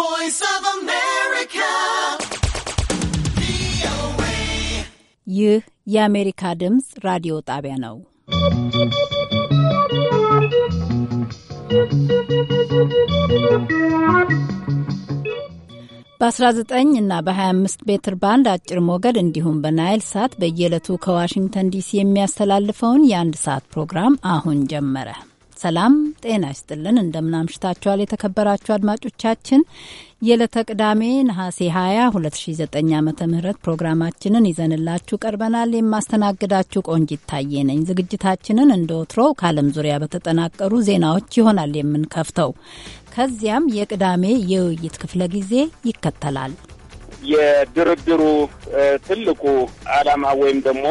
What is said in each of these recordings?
voice of America. ይህ የአሜሪካ ድምፅ ራዲዮ ጣቢያ ነው። በ19 እና በ25 ሜትር ባንድ አጭር ሞገድ እንዲሁም በናይል ሳት በየዕለቱ ከዋሽንግተን ዲሲ የሚያስተላልፈውን የአንድ ሰዓት ፕሮግራም አሁን ጀመረ። ሰላም ጤና ይስጥልን። እንደምናምሽታችኋል የተከበራችሁ አድማጮቻችን። የዕለተ ቅዳሜ ነሐሴ 20 2009 ዓ ም ፕሮግራማችንን ይዘንላችሁ ቀርበናል። የማስተናግዳችሁ ቆንጅ ይታየ ነኝ። ዝግጅታችንን እንደ ወትሮው ከዓለም ዙሪያ በተጠናቀሩ ዜናዎች ይሆናል የምንከፍተው። ከዚያም የቅዳሜ የውይይት ክፍለ ጊዜ ይከተላል። የድርድሩ ትልቁ ዓላማ ወይም ደግሞ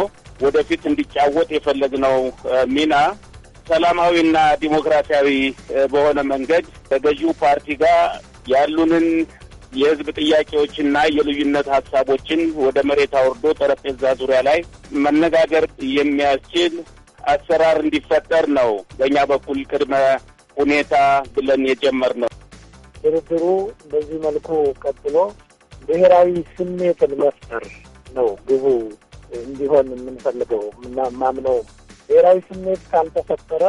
ወደፊት እንዲጫወት የፈለግነው ሚና ሰላማዊና ዲሞክራሲያዊ በሆነ መንገድ ከገዢው ፓርቲ ጋር ያሉንን የህዝብ ጥያቄዎችና የልዩነት ሀሳቦችን ወደ መሬት አውርዶ ጠረጴዛ ዙሪያ ላይ መነጋገር የሚያስችል አሰራር እንዲፈጠር ነው በእኛ በኩል ቅድመ ሁኔታ ብለን ነው። ድርድሩ በዚህ መልኩ ቀጥሎ ብሔራዊ ስሜትን መፍጠር ነው ግቡ እንዲሆን የምንፈልገው እና ማምነውም ብሔራዊ ስሜት ካልተፈጠረ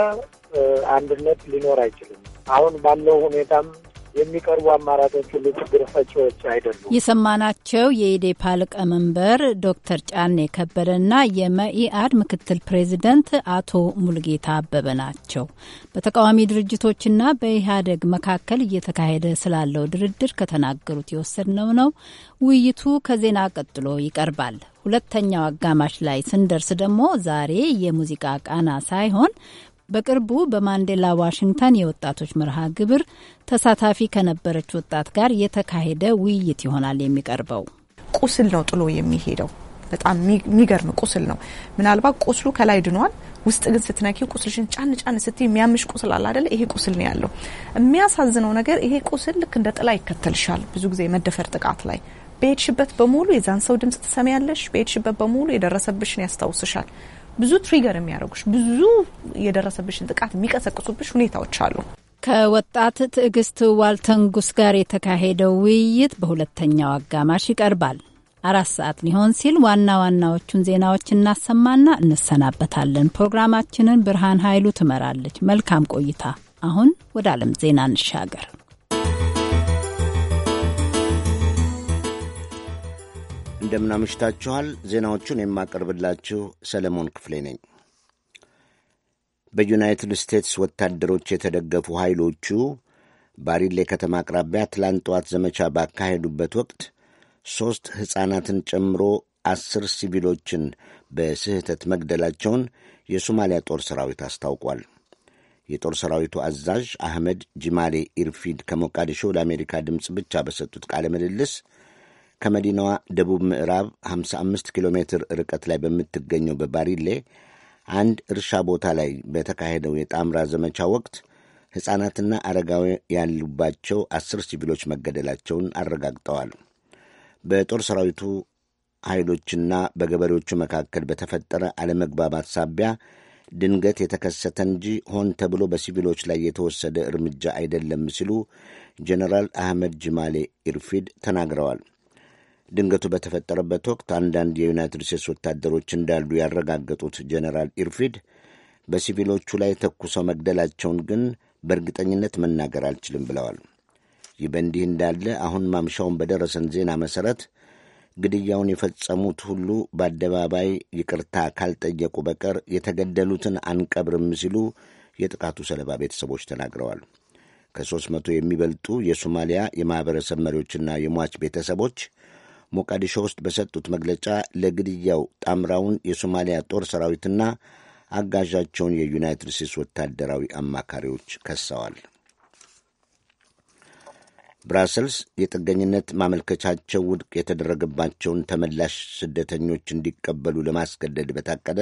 አንድነት ሊኖር አይችልም። አሁን ባለው ሁኔታም የሚቀርቡ አማራጮች ሁሉ ችግር ፈቺዎች አይደሉም። የሰማናቸው የኢዴፓ ሊቀመንበር ዶክተር ጫኔ ከበደና የመኢአድ ምክትል ፕሬዚደንት አቶ ሙልጌታ አበበ ናቸው። በተቃዋሚ ድርጅቶችና በኢህአዴግ መካከል እየተካሄደ ስላለው ድርድር ከተናገሩት የወሰድነው ነው። ውይይቱ ከዜና ቀጥሎ ይቀርባል። ሁለተኛው አጋማሽ ላይ ስንደርስ ደግሞ ዛሬ የሙዚቃ ቃና ሳይሆን በቅርቡ በማንዴላ ዋሽንግተን የወጣቶች መርሃ ግብር ተሳታፊ ከነበረች ወጣት ጋር የተካሄደ ውይይት ይሆናል የሚቀርበው። ቁስል ነው ጥሎ የሚሄደው በጣም የሚገርም ቁስል ነው። ምናልባት ቁስሉ ከላይ ድኗል፣ ውስጥ ግን ስትነኪ ቁስልሽን ጫን ጫን ስትይ የሚያምሽ ቁስል አለ አደለ? ይሄ ቁስል ነው ያለው። የሚያሳዝነው ነገር ይሄ ቁስል ልክ እንደ ጥላ ይከተልሻል። ብዙ ጊዜ የመደፈር ጥቃት ላይ በሄድሽበት በሙሉ የዛን ሰው ድምጽ ትሰሚያለሽ። በሄድሽበት በሙሉ የደረሰብሽን ያስታውስሻል። ብዙ ትሪገር የሚያደርጉሽ ብዙ የደረሰብሽን ጥቃት የሚቀሰቅሱብሽ ሁኔታዎች አሉ። ከወጣት ትዕግስት ዋልተንጉስ ጋር የተካሄደው ውይይት በሁለተኛው አጋማሽ ይቀርባል። አራት ሰዓት ሊሆን ሲል ዋና ዋናዎቹን ዜናዎች እናሰማና እንሰናበታለን። ፕሮግራማችንን ብርሃን ኃይሉ ትመራለች። መልካም ቆይታ። አሁን ወደ ዓለም ዜና እንሻገር። እንደምናምሽታችኋል። ዜናዎቹን የማቀርብላችሁ ሰለሞን ክፍሌ ነኝ። በዩናይትድ ስቴትስ ወታደሮች የተደገፉ ኃይሎቹ ባሪሌ ከተማ አቅራቢያ ትላንት ጠዋት ዘመቻ ባካሄዱበት ወቅት ሦስት ሕፃናትን ጨምሮ አስር ሲቪሎችን በስህተት መግደላቸውን የሶማሊያ ጦር ሰራዊት አስታውቋል። የጦር ሰራዊቱ አዛዥ አህመድ ጂማሌ ኢርፊድ ከሞቃዲሾ ለአሜሪካ ድምፅ ብቻ በሰጡት ቃለ ምልልስ ከመዲናዋ ደቡብ ምዕራብ 55 ኪሎ ሜትር ርቀት ላይ በምትገኘው በባሪሌ አንድ እርሻ ቦታ ላይ በተካሄደው የጣምራ ዘመቻ ወቅት ሕፃናትና አረጋዊ ያሉባቸው አስር ሲቪሎች መገደላቸውን አረጋግጠዋል። በጦር ሰራዊቱ ኃይሎችና በገበሬዎቹ መካከል በተፈጠረ አለመግባባት ሳቢያ ድንገት የተከሰተ እንጂ ሆን ተብሎ በሲቪሎች ላይ የተወሰደ እርምጃ አይደለም ሲሉ ጀነራል አህመድ ጅማሌ ኢርፊድ ተናግረዋል። ድንገቱ በተፈጠረበት ወቅት አንዳንድ የዩናይትድ ስቴትስ ወታደሮች እንዳሉ ያረጋገጡት ጀኔራል ኢርፊድ በሲቪሎቹ ላይ ተኩሰው መግደላቸውን ግን በእርግጠኝነት መናገር አልችልም ብለዋል። ይህ በእንዲህ እንዳለ አሁን ማምሻውን በደረሰን ዜና መሠረት ግድያውን የፈጸሙት ሁሉ በአደባባይ ይቅርታ ካልጠየቁ በቀር የተገደሉትን አንቀብርም ሲሉ የጥቃቱ ሰለባ ቤተሰቦች ተናግረዋል። ከሦስት መቶ የሚበልጡ የሶማሊያ የማኅበረሰብ መሪዎችና የሟች ቤተሰቦች ሞቃዲሾ ውስጥ በሰጡት መግለጫ ለግድያው ጣምራውን የሶማሊያ ጦር ሰራዊትና አጋዣቸውን የዩናይትድ ስቴትስ ወታደራዊ አማካሪዎች ከሰዋል። ብራሰልስ የጥገኝነት ማመልከቻቸው ውድቅ የተደረገባቸውን ተመላሽ ስደተኞች እንዲቀበሉ ለማስገደድ በታቀደ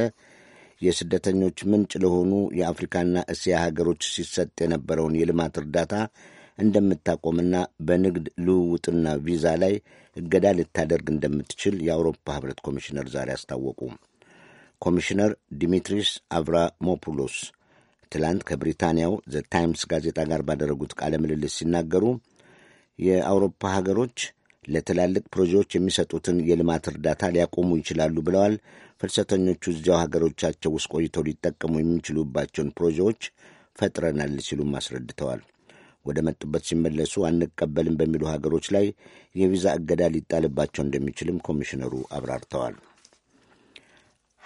የስደተኞች ምንጭ ለሆኑ የአፍሪካና እስያ ሀገሮች ሲሰጥ የነበረውን የልማት እርዳታ እንደምታቆምና በንግድ ልውውጥና ቪዛ ላይ እገዳ ልታደርግ እንደምትችል የአውሮፓ ህብረት ኮሚሽነር ዛሬ አስታወቁ። ኮሚሽነር ዲሚትሪስ አቭራሞፑሎስ ትላንት ከብሪታንያው ዘ ታይምስ ጋዜጣ ጋር ባደረጉት ቃለ ምልልስ ሲናገሩ የአውሮፓ ሀገሮች ለትላልቅ ፕሮጀዎች የሚሰጡትን የልማት እርዳታ ሊያቆሙ ይችላሉ ብለዋል። ፍልሰተኞቹ እዚያው ሀገሮቻቸው ውስጥ ቆይተው ሊጠቀሙ የሚችሉባቸውን ፕሮጀዎች ፈጥረናል ሲሉም አስረድተዋል። ወደ መጡበት ሲመለሱ አንቀበልም በሚሉ ሀገሮች ላይ የቪዛ እገዳ ሊጣልባቸው እንደሚችልም ኮሚሽነሩ አብራርተዋል።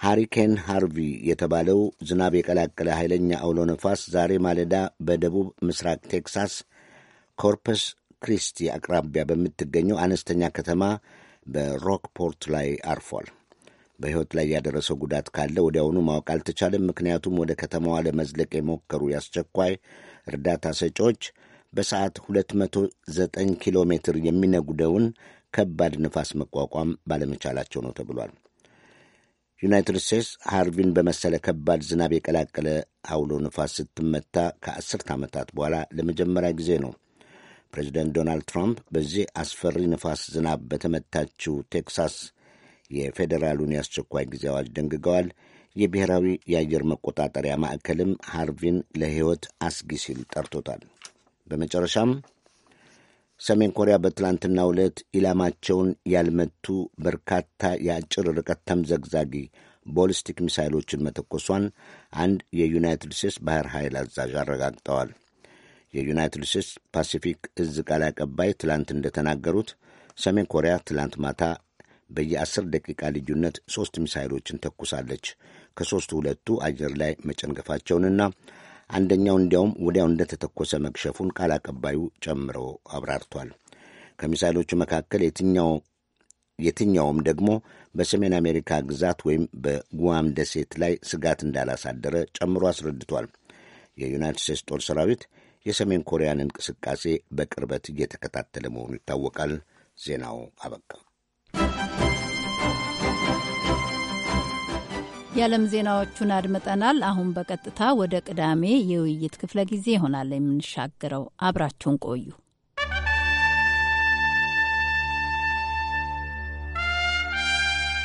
ሃሪኬን ሃርቪ የተባለው ዝናብ የቀላቀለ ኃይለኛ አውሎ ነፋስ ዛሬ ማለዳ በደቡብ ምስራቅ ቴክሳስ ኮርፐስ ክሪስቲ አቅራቢያ በምትገኘው አነስተኛ ከተማ በሮክፖርት ላይ አርፏል። በሕይወት ላይ ያደረሰው ጉዳት ካለ ወዲያውኑ ማወቅ አልተቻለም። ምክንያቱም ወደ ከተማዋ ለመዝለቅ የሞከሩ የአስቸኳይ እርዳታ ሰጪዎች በሰዓት 209 ኪሎ ሜትር የሚነጉደውን ከባድ ንፋስ መቋቋም ባለመቻላቸው ነው ተብሏል። ዩናይትድ ስቴትስ ሃርቪን በመሰለ ከባድ ዝናብ የቀላቀለ አውሎ ንፋስ ስትመታ ከአስርት ዓመታት በኋላ ለመጀመሪያ ጊዜ ነው። ፕሬዚደንት ዶናልድ ትራምፕ በዚህ አስፈሪ ንፋስ ዝናብ በተመታችው ቴክሳስ የፌዴራሉን የአስቸኳይ ጊዜ አዋጅ ደንግገዋል። የብሔራዊ የአየር መቆጣጠሪያ ማዕከልም ሃርቪን ለሕይወት አስጊ ሲል ጠርቶታል። በመጨረሻም ሰሜን ኮሪያ በትላንትናው ዕለት ኢላማቸውን ያልመቱ በርካታ የአጭር ርቀት ተምዘግዛጊ ቦሊስቲክ ሚሳይሎችን መተኮሷን አንድ የዩናይትድ ስቴትስ ባህር ኃይል አዛዥ አረጋግጠዋል። የዩናይትድ ስቴትስ ፓሲፊክ እዝ ቃል አቀባይ ትላንት እንደተናገሩት ሰሜን ኮሪያ ትላንት ማታ በየአስር ደቂቃ ልዩነት ሦስት ሚሳይሎችን ተኩሳለች። ከሦስቱ ሁለቱ አየር ላይ መጨንገፋቸውንና አንደኛው እንዲያውም ወዲያው እንደተተኮሰ መክሸፉን ቃል አቀባዩ ጨምረው አብራርቷል። ከሚሳይሎቹ መካከል የትኛውም ደግሞ በሰሜን አሜሪካ ግዛት ወይም በጉዋም ደሴት ላይ ስጋት እንዳላሳደረ ጨምሮ አስረድቷል። የዩናይትድ ስቴትስ ጦር ሰራዊት የሰሜን ኮሪያን እንቅስቃሴ በቅርበት እየተከታተለ መሆኑ ይታወቃል። ዜናው አበቃ። የዓለም ዜናዎቹን አድምጠናል። አሁን በቀጥታ ወደ ቅዳሜ የውይይት ክፍለ ጊዜ ይሆናል የምንሻገረው። አብራችሁን ቆዩ።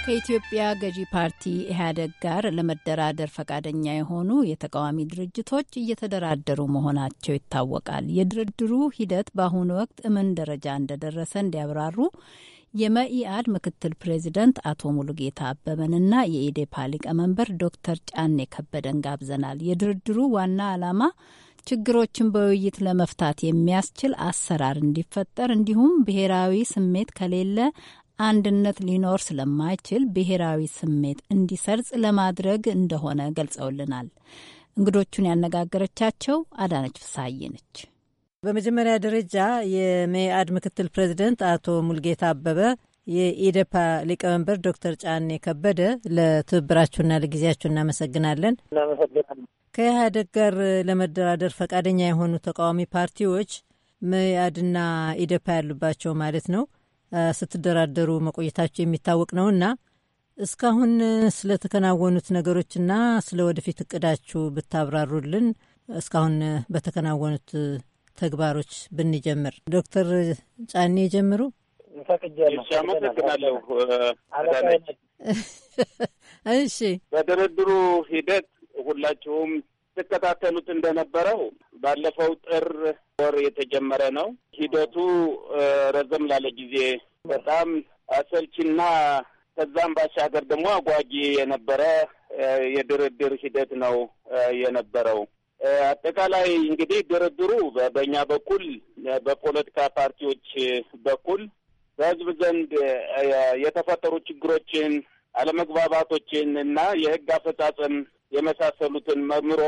ከኢትዮጵያ ገዢ ፓርቲ ኢህአዴግ ጋር ለመደራደር ፈቃደኛ የሆኑ የተቃዋሚ ድርጅቶች እየተደራደሩ መሆናቸው ይታወቃል። የድርድሩ ሂደት በአሁኑ ወቅት ምን ደረጃ እንደደረሰ እንዲያብራሩ የመኢአድ ምክትል ፕሬዚደንት አቶ ሙሉጌታ አበበንና የኢዴፓ ሊቀመንበር ዶክተር ጫኔ ከበደን ጋብዘናል። የድርድሩ ዋና ዓላማ ችግሮችን በውይይት ለመፍታት የሚያስችል አሰራር እንዲፈጠር እንዲሁም ብሔራዊ ስሜት ከሌለ አንድነት ሊኖር ስለማይችል ብሔራዊ ስሜት እንዲሰርጽ ለማድረግ እንደሆነ ገልጸውልናል። እንግዶቹን ያነጋገረቻቸው አዳነች ፍሳዬ ነች። በመጀመሪያ ደረጃ የመኢአድ ምክትል ፕሬዚደንት አቶ ሙልጌታ አበበ፣ የኢዴፓ ሊቀመንበር ዶክተር ጫኔ ከበደ ለትብብራችሁና ለጊዜያችሁ እናመሰግናለን። ከኢህአዴግ ጋር ለመደራደር ፈቃደኛ የሆኑ ተቃዋሚ ፓርቲዎች መኢአድና ኢዴፓ ያሉባቸው ማለት ነው ስትደራደሩ መቆየታቸው የሚታወቅ ነውና እስካሁን ስለተከናወኑት ነገሮችና ስለ ወደፊት እቅዳችሁ ብታብራሩልን። እስካሁን በተከናወኑት ተግባሮች ብንጀምር። ዶክተር ጫኔ ጀምሩ። አመሰግናለሁ። እሺ፣ በድርድሩ ሂደት ሁላችሁም ትከታተሉት እንደነበረው ባለፈው ጥር ወር የተጀመረ ነው። ሂደቱ ረዘም ላለ ጊዜ በጣም አሰልቺና ከዛም ባሻገር ደግሞ አጓጊ የነበረ የድርድር ሂደት ነው የነበረው። አጠቃላይ እንግዲህ ድርድሩ በእኛ በኩል በፖለቲካ ፓርቲዎች በኩል በህዝብ ዘንድ የተፈጠሩ ችግሮችን፣ አለመግባባቶችን እና የህግ አፈጻጸም የመሳሰሉትን መምሮ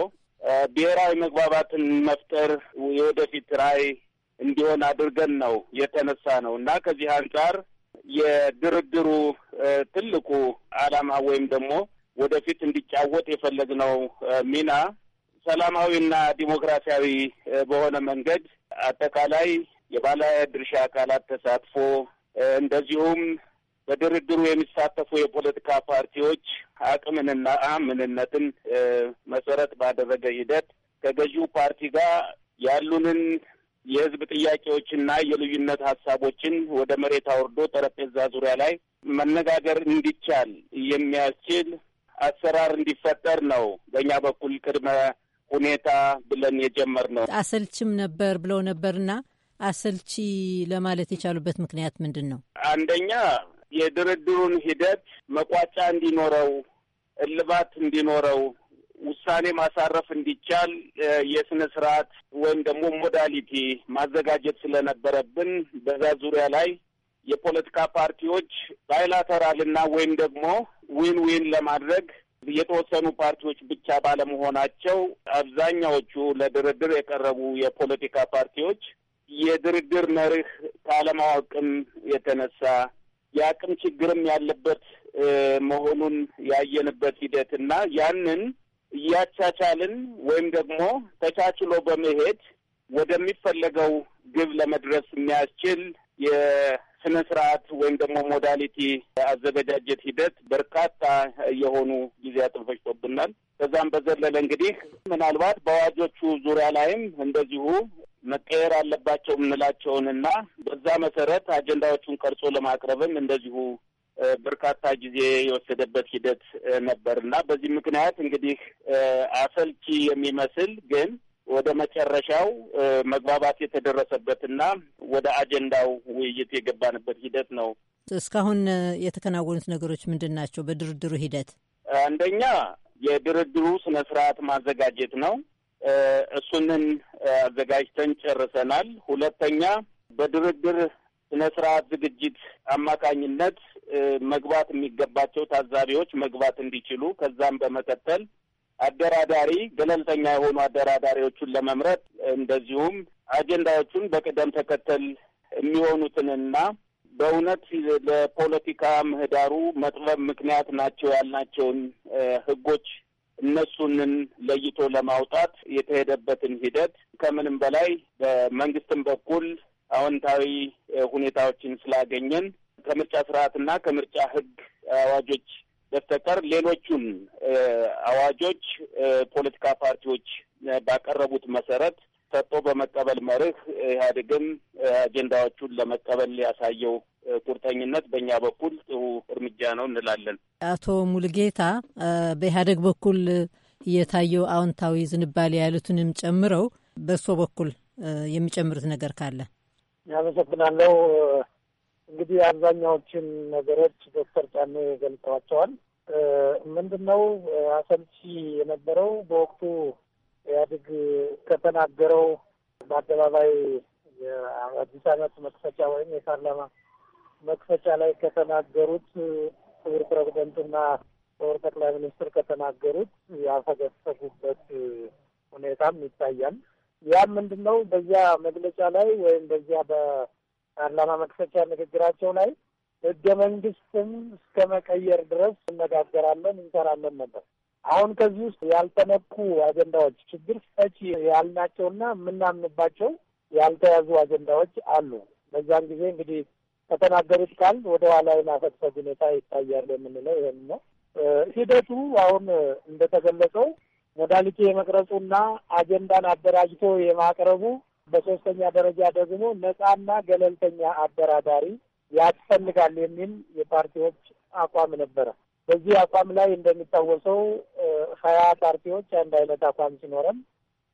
ብሔራዊ መግባባትን መፍጠር የወደፊት ራዕይ እንዲሆን አድርገን ነው የተነሳ ነው እና ከዚህ አንጻር የድርድሩ ትልቁ ዓላማ ወይም ደግሞ ወደፊት እንዲጫወት የፈለግነው ሚና ሰላማዊና ዲሞክራሲያዊ በሆነ መንገድ አጠቃላይ የባለ ድርሻ አካላት ተሳትፎ እንደዚሁም በድርድሩ የሚሳተፉ የፖለቲካ ፓርቲዎች አቅምንና ምንነትን መሰረት ባደረገ ሂደት ከገዢው ፓርቲ ጋር ያሉንን የህዝብ ጥያቄዎችና የልዩነት ሀሳቦችን ወደ መሬት አውርዶ ጠረጴዛ ዙሪያ ላይ መነጋገር እንዲቻል የሚያስችል አሰራር እንዲፈጠር ነው በእኛ በኩል ቅድመ ሁኔታ ብለን የጀመርነው አሰልችም ነበር ብለው ነበርና አሰልቺ ለማለት የቻሉበት ምክንያት ምንድን ነው? አንደኛ የድርድሩን ሂደት መቋጫ እንዲኖረው፣ እልባት እንዲኖረው፣ ውሳኔ ማሳረፍ እንዲቻል የስነ ስርዓት ወይም ደግሞ ሞዳሊቲ ማዘጋጀት ስለነበረብን በዛ ዙሪያ ላይ የፖለቲካ ፓርቲዎች ባይላተራልና ወይም ደግሞ ዊን ዊን ለማድረግ የተወሰኑ ፓርቲዎች ብቻ ባለመሆናቸው አብዛኛዎቹ ለድርድር የቀረቡ የፖለቲካ ፓርቲዎች የድርድር መርህ ከአለማወቅም የተነሳ የአቅም ችግርም ያለበት መሆኑን ያየንበት ሂደት እና ያንን እያቻቻልን ወይም ደግሞ ተቻችሎ በመሄድ ወደሚፈለገው ግብ ለመድረስ የሚያስችል ስነ ስርዓት ወይም ደግሞ ሞዳሊቲ አዘገጃጀት ሂደት በርካታ የሆኑ ጊዜያትን ፈጅቶብናል። ከዛም በዘለለ እንግዲህ ምናልባት በአዋጆቹ ዙሪያ ላይም እንደዚሁ መቀየር አለባቸው የምንላቸውን እና በዛ መሰረት አጀንዳዎቹን ቀርጾ ለማቅረብም እንደዚሁ በርካታ ጊዜ የወሰደበት ሂደት ነበር እና በዚህ ምክንያት እንግዲህ አሰልቺ የሚመስል ግን ወደ መጨረሻው መግባባት የተደረሰበትና ወደ አጀንዳው ውይይት የገባንበት ሂደት ነው። እስካሁን የተከናወኑት ነገሮች ምንድን ናቸው? በድርድሩ ሂደት አንደኛ የድርድሩ ስነ ስርዓት ማዘጋጀት ነው። እሱንን አዘጋጅተን ጨርሰናል። ሁለተኛ በድርድር ስነ ስርዓት ዝግጅት አማካኝነት መግባት የሚገባቸው ታዛቢዎች መግባት እንዲችሉ ከዛም በመቀጠል አደራዳሪ ገለልተኛ የሆኑ አደራዳሪዎቹን ለመምረጥ እንደዚሁም አጀንዳዎቹን በቅደም ተከተል የሚሆኑትንና በእውነት ለፖለቲካ ምህዳሩ መጥበብ ምክንያት ናቸው ያልናቸውን ህጎች እነሱንን ለይቶ ለማውጣት የተሄደበትን ሂደት ከምንም በላይ በመንግስትም በኩል አዎንታዊ ሁኔታዎችን ስላገኘን ከምርጫ ስርዓትና ከምርጫ ህግ አዋጆች በስተቀር ሌሎቹን አዋጆች ፖለቲካ ፓርቲዎች ባቀረቡት መሰረት ሰጥቶ በመቀበል መርህ ኢህአዴግም አጀንዳዎቹን ለመቀበል ያሳየው ቁርጠኝነት በእኛ በኩል ጥሩ እርምጃ ነው እንላለን። አቶ ሙልጌታ በኢህአዴግ በኩል የታየው አዎንታዊ ዝንባሌ ያሉትንም ጨምረው በእሱ በኩል የሚጨምሩት ነገር ካለ ያመሰግናለሁ። እንግዲህ አብዛኛዎችን ነገሮች ዶክተር ጫኔ ገልጠዋቸዋል ምንድነው አሰልቺ የነበረው በወቅቱ ኢህአዴግ ከተናገረው በአደባባይ የአዲስ ዓመት መክፈቻ ወይም የፓርላማ መክፈቻ ላይ ከተናገሩት ክቡር ፕሬዚደንቱና ክቡር ጠቅላይ ሚኒስትር ከተናገሩት ያፈገፈጉበት ሁኔታም ይታያል። ያ ምንድን ነው በዚያ መግለጫ ላይ ወይም በዚያ ፓርላማ መክፈቻ ንግግራቸው ላይ ህገ መንግስትም እስከ መቀየር ድረስ እነጋገራለን እንሰራለን ነበር። አሁን ከዚህ ውስጥ ያልተነኩ አጀንዳዎች ችግር ፈቺ ያልናቸውና የምናምንባቸው ያልተያዙ አጀንዳዎች አሉ። በዛን ጊዜ እንግዲህ ከተናገሩት ቃል ወደ ኋላ የማፈግፈግ ሁኔታ ይታያል የምንለው ይህን ነው። ሂደቱ አሁን እንደተገለጸው ሞዳሊቲ የመቅረጹና አጀንዳን አደራጅቶ የማቅረቡ በሶስተኛ ደረጃ ደግሞ ነጻና ገለልተኛ አደራዳሪ ያስፈልጋል የሚል የፓርቲዎች አቋም ነበረ። በዚህ አቋም ላይ እንደሚታወሰው ሀያ ፓርቲዎች አንድ አይነት አቋም ሲኖረን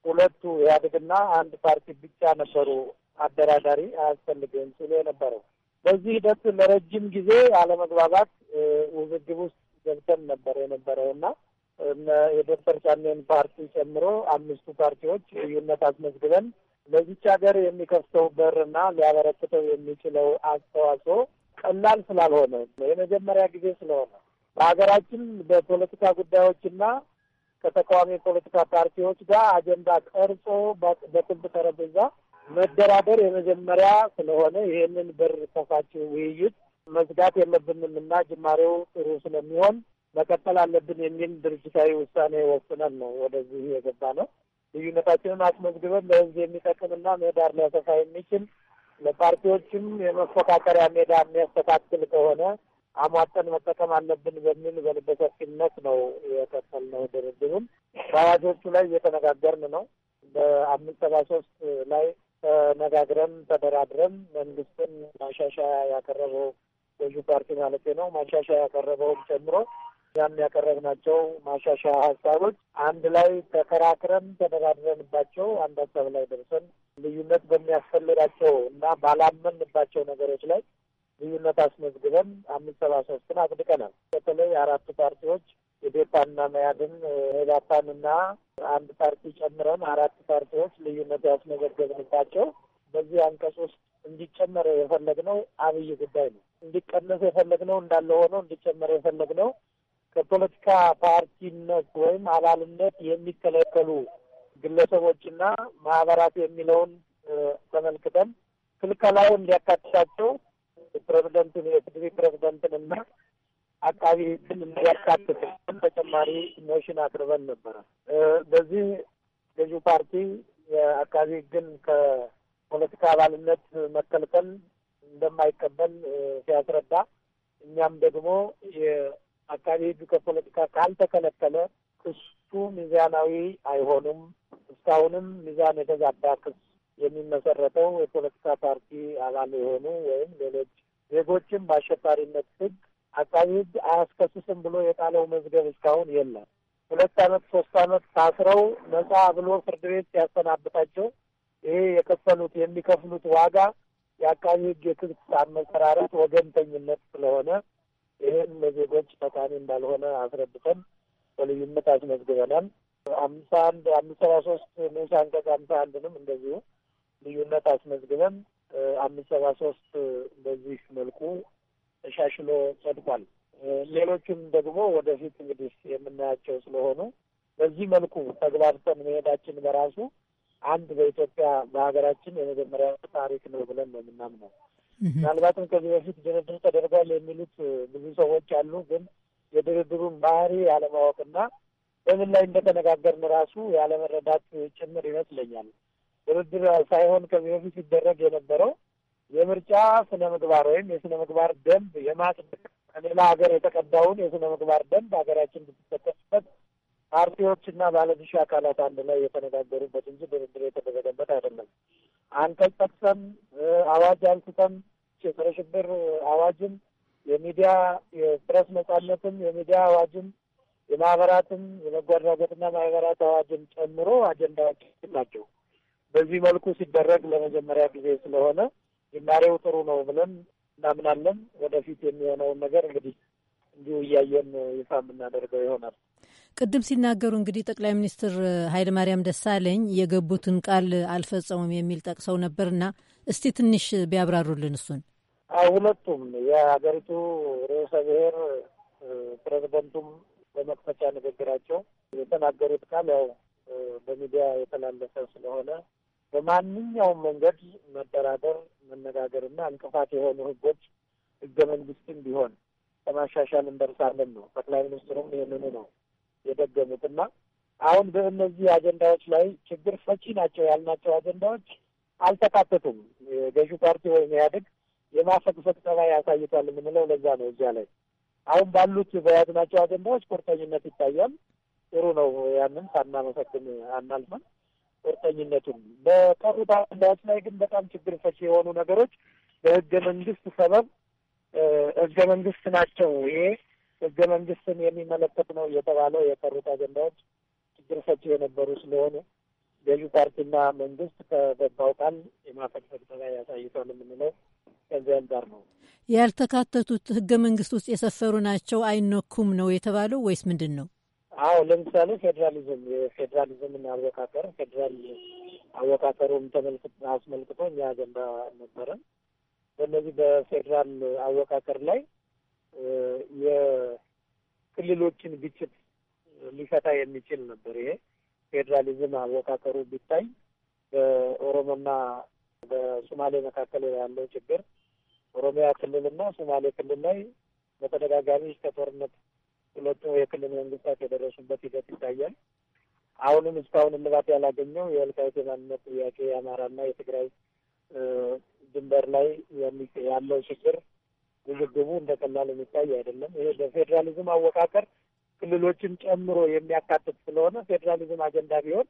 ሁለቱ ኢህአዴግና አንድ ፓርቲ ብቻ ነበሩ አደራዳሪ አያስፈልግም ሲሉ የነበረው። በዚህ ሂደት ለረጅም ጊዜ አለመግባባት ውዝግብ ውስጥ ገብተን ነበር የነበረው እና የዶክተር ጫኔን ፓርቲ ጨምሮ አምስቱ ፓርቲዎች ልዩነት አስመዝግበን ለዚች ሀገር የሚከፍተው በርና ሊያበረክተው የሚችለው አስተዋጽኦ ቀላል ስላልሆነ የመጀመሪያ ጊዜ ስለሆነ በሀገራችን በፖለቲካ ጉዳዮችና ከተቃዋሚ የፖለቲካ ፓርቲዎች ጋር አጀንዳ ቀርጾ በክብ ጠረጴዛ መደራደር የመጀመሪያ ስለሆነ ይህንን በር ከፋች ውይይት መዝጋት የለብንም እና ጅማሬው ጥሩ ስለሚሆን መቀጠል አለብን የሚል ድርጅታዊ ውሳኔ ወስነን ነው ወደዚህ የገባ ነው። ልዩነታችንን አስመዝግበን ለህዝብ የሚጠቅምና ምህዳር ሊያሰፋ የሚችል ለፓርቲዎችም የመፎካከሪያ ሜዳ የሚያስተካክል ከሆነ አሟጠን መጠቀም አለብን በሚል በልበ ሰፊነት ነው የከፈልነው። ድርድሩን በአዋጆቹ ላይ እየተነጋገርን ነው። በአምስት ሰባ ሶስት ላይ ተነጋግረን ተደራድረን መንግስትን ማሻሻያ ያቀረበው ገዢው ፓርቲ ማለት ነው ማሻሻያ ያቀረበውን ጨምሮ እኛም ያቀረብናቸው ማሻሻያ ሀሳቦች አንድ ላይ ተከራክረን ተደራድረንባቸው አንድ ሀሳብ ላይ ደርሰን ልዩነት በሚያስፈልጋቸው እና ባላመንባቸው ነገሮች ላይ ልዩነት አስመዝግበን አምስት ሰባ ሶስትን አጽድቀናል። በተለይ አራቱ ፓርቲዎች ኢዴፓና መያድን ሄዳፓንና አንድ ፓርቲ ጨምረን አራት ፓርቲዎች ልዩነት ያስመዘገብንባቸው በዚህ አንቀጽ ውስጥ እንዲጨመር የፈለግነው አብይ ጉዳይ ነው። እንዲቀነስ የፈለግነው እንዳለ ሆኖ እንዲጨመር የፈለግነው ከፖለቲካ ፓርቲነት ወይም አባልነት የሚከለከሉ ግለሰቦችና ማህበራት የሚለውን ተመልክተን ክልከላውን እንዲያካትታቸው ፕሬዚደንትን የፍድሪ ፕሬዚደንትን እና አቃቢ ሕግን እንዲያካትት ተጨማሪ ሞሽን አቅርበን ነበረ። በዚህ ገዢ ፓርቲ የአቃቢ ሕግን ከፖለቲካ አባልነት መከልከል እንደማይቀበል ሲያስረዳ እኛም ደግሞ አቃቤ ሕግ ከፖለቲካ ካልተከለከለ ክሱ ሚዛናዊ አይሆንም። እስካሁንም ሚዛን የተዛባ ክስ የሚመሰረተው የፖለቲካ ፓርቲ አባል የሆኑ ወይም ሌሎች ዜጎችም በአሸባሪነት ሕግ አቃቤ ሕግ አያስከስስም ብሎ የጣለው መዝገብ እስካሁን የለም። ሁለት ዓመት ሶስት አመት ታስረው ነጻ ብሎ ፍርድ ቤት ሲያሰናብታቸው ይሄ የከፈሉት የሚከፍሉት ዋጋ የአቃቢ ሕግ የክስ አመሰራረት ወገንተኝነት ስለሆነ ይህም ለዜጎች ጠቃሚ እንዳልሆነ አስረድተን በልዩነት አስመዝግበናል። አምሳ አንድ አምስት ሰባ ሶስት ንዑስ አንቀጽ አምሳ አንድንም እንደዚሁ ልዩነት አስመዝግበን አምስት ሰባ ሶስት በዚህ መልኩ ተሻሽሎ ጸድቋል። ሌሎቹም ደግሞ ወደፊት እንግዲህ የምናያቸው ስለሆኑ በዚህ መልኩ ተግባርተን መሄዳችን በራሱ አንድ በኢትዮጵያ በሀገራችን የመጀመሪያ ታሪክ ነው ብለን ነው የምናምነው። ምናልባትም ከዚህ በፊት ድርድር ተደርጓል የሚሉት ብዙ ሰዎች አሉ። ግን የድርድሩን ባህሪ ያለማወቅና በምን ላይ እንደተነጋገርን ራሱ ያለመረዳት ጭምር ይመስለኛል። ድርድር ሳይሆን ከዚህ በፊት ሲደረግ የነበረው የምርጫ ስነ ምግባር ወይም የስነ ምግባር ደንብ የማጽደቅ ከሌላ ሀገር የተቀዳውን የስነ ምግባር ደንብ ሀገራችን ብትጠቀምበት ፓርቲዎችና ባለድርሻ አካላት አንድ ላይ የተነጋገሩበት እንጂ ድርድር የተደረገበት አይደለም። አንቀጽ ጠቅሰን አዋጅ አንስተን የጸረ ሽብር አዋጅም የሚዲያ የፕረስ ነጻነትም የሚዲያ አዋጅም የማህበራትም የበጎ አድራጎትና ማህበራት አዋጅን ጨምሮ አጀንዳዎች ናቸው። በዚህ መልኩ ሲደረግ ለመጀመሪያ ጊዜ ስለሆነ ጅማሬው ጥሩ ነው ብለን እናምናለን። ወደፊት የሚሆነውን ነገር እንግዲህ እንዲሁ እያየን ይፋ የምናደርገው ይሆናል። ቅድም ሲናገሩ እንግዲህ ጠቅላይ ሚኒስትር ኃይለማርያም ደሳለኝ የገቡትን ቃል አልፈጸሙም የሚል ጠቅሰው ነበርና እስቲ ትንሽ ቢያብራሩልን እሱን። ሁለቱም የሀገሪቱ ርዕሰ ብሔር ፕሬዝደንቱም በመክፈቻ ንግግራቸው የተናገሩት ቃል ያው በሚዲያ የተላለፈ ስለሆነ በማንኛውም መንገድ መደራደር፣ መነጋገር እና እንቅፋት የሆኑ ህጎች ህገ መንግስትም ቢሆን ከማሻሻል እንደርሳለን ነው። ጠቅላይ ሚኒስትሩም ይህንኑ ነው የደገሙት እና አሁን በእነዚህ አጀንዳዎች ላይ ችግር ፈቺ ናቸው ያልናቸው አጀንዳዎች አልተካተቱም። የገዢው ፓርቲ ወይም ኢህአዴግ የማፈግፈግ ጠባይ ያሳይቷል የምንለው ለዛ ነው። እዚያ ላይ አሁን ባሉት በያዝናቸው አጀንዳዎች ቁርጠኝነት ይታያል። ጥሩ ነው። ያንን ሳናመሰግን አናልፈን ቁርጠኝነቱን በቀሩት አጀንዳዎች ላይ ግን በጣም ችግር ፈች የሆኑ ነገሮች በህገ መንግስት ሰበብ ህገ መንግስት ናቸው፣ ይሄ ህገ መንግስትን የሚመለከት ነው የተባለው የቀሩት አጀንዳዎች ችግር ፈች የነበሩ ስለሆኑ ገዢ ፓርቲና መንግስት ከገባው ቃል የማፈግፈግ ጠባይ ያሳይቷል የምንለው ከዚህ አንጻር ነው። ያልተካተቱት ህገ መንግስት ውስጥ የሰፈሩ ናቸው አይነኩም ነው የተባለው ወይስ ምንድን ነው? አዎ ለምሳሌ ፌዴራሊዝም የፌዴራሊዝምን አወቃቀር ፌዴራል አወቃቀሩም ተመልክት አስመልክቶ እኛ አጀንዳ ነበረ። በእነዚህ በፌዴራል አወቃቀር ላይ የክልሎችን ግጭት ሊፈታ የሚችል ነበር ይሄ ፌዴራሊዝም አወቃቀሩ ቢታይ በኦሮሞና በሶማሌ መካከል ያለው ችግር ኦሮሚያ ክልልና ሶማሌ ክልል ላይ በተደጋጋሚ ከጦርነት ሁለቱ የክልል መንግስታት የደረሱበት ሂደት ይታያል። አሁንም እስካሁን እልባት ያላገኘው የወልቃይት የማንነት ጥያቄ የአማራና የትግራይ ድንበር ላይ ያለው ችግር ውዝግቡ እንደ ቀላል የሚታይ አይደለም። ይሄ በፌዴራሊዝም አወቃቀር ክልሎችን ጨምሮ የሚያካትት ስለሆነ ፌዴራሊዝም አጀንዳ ቢሆን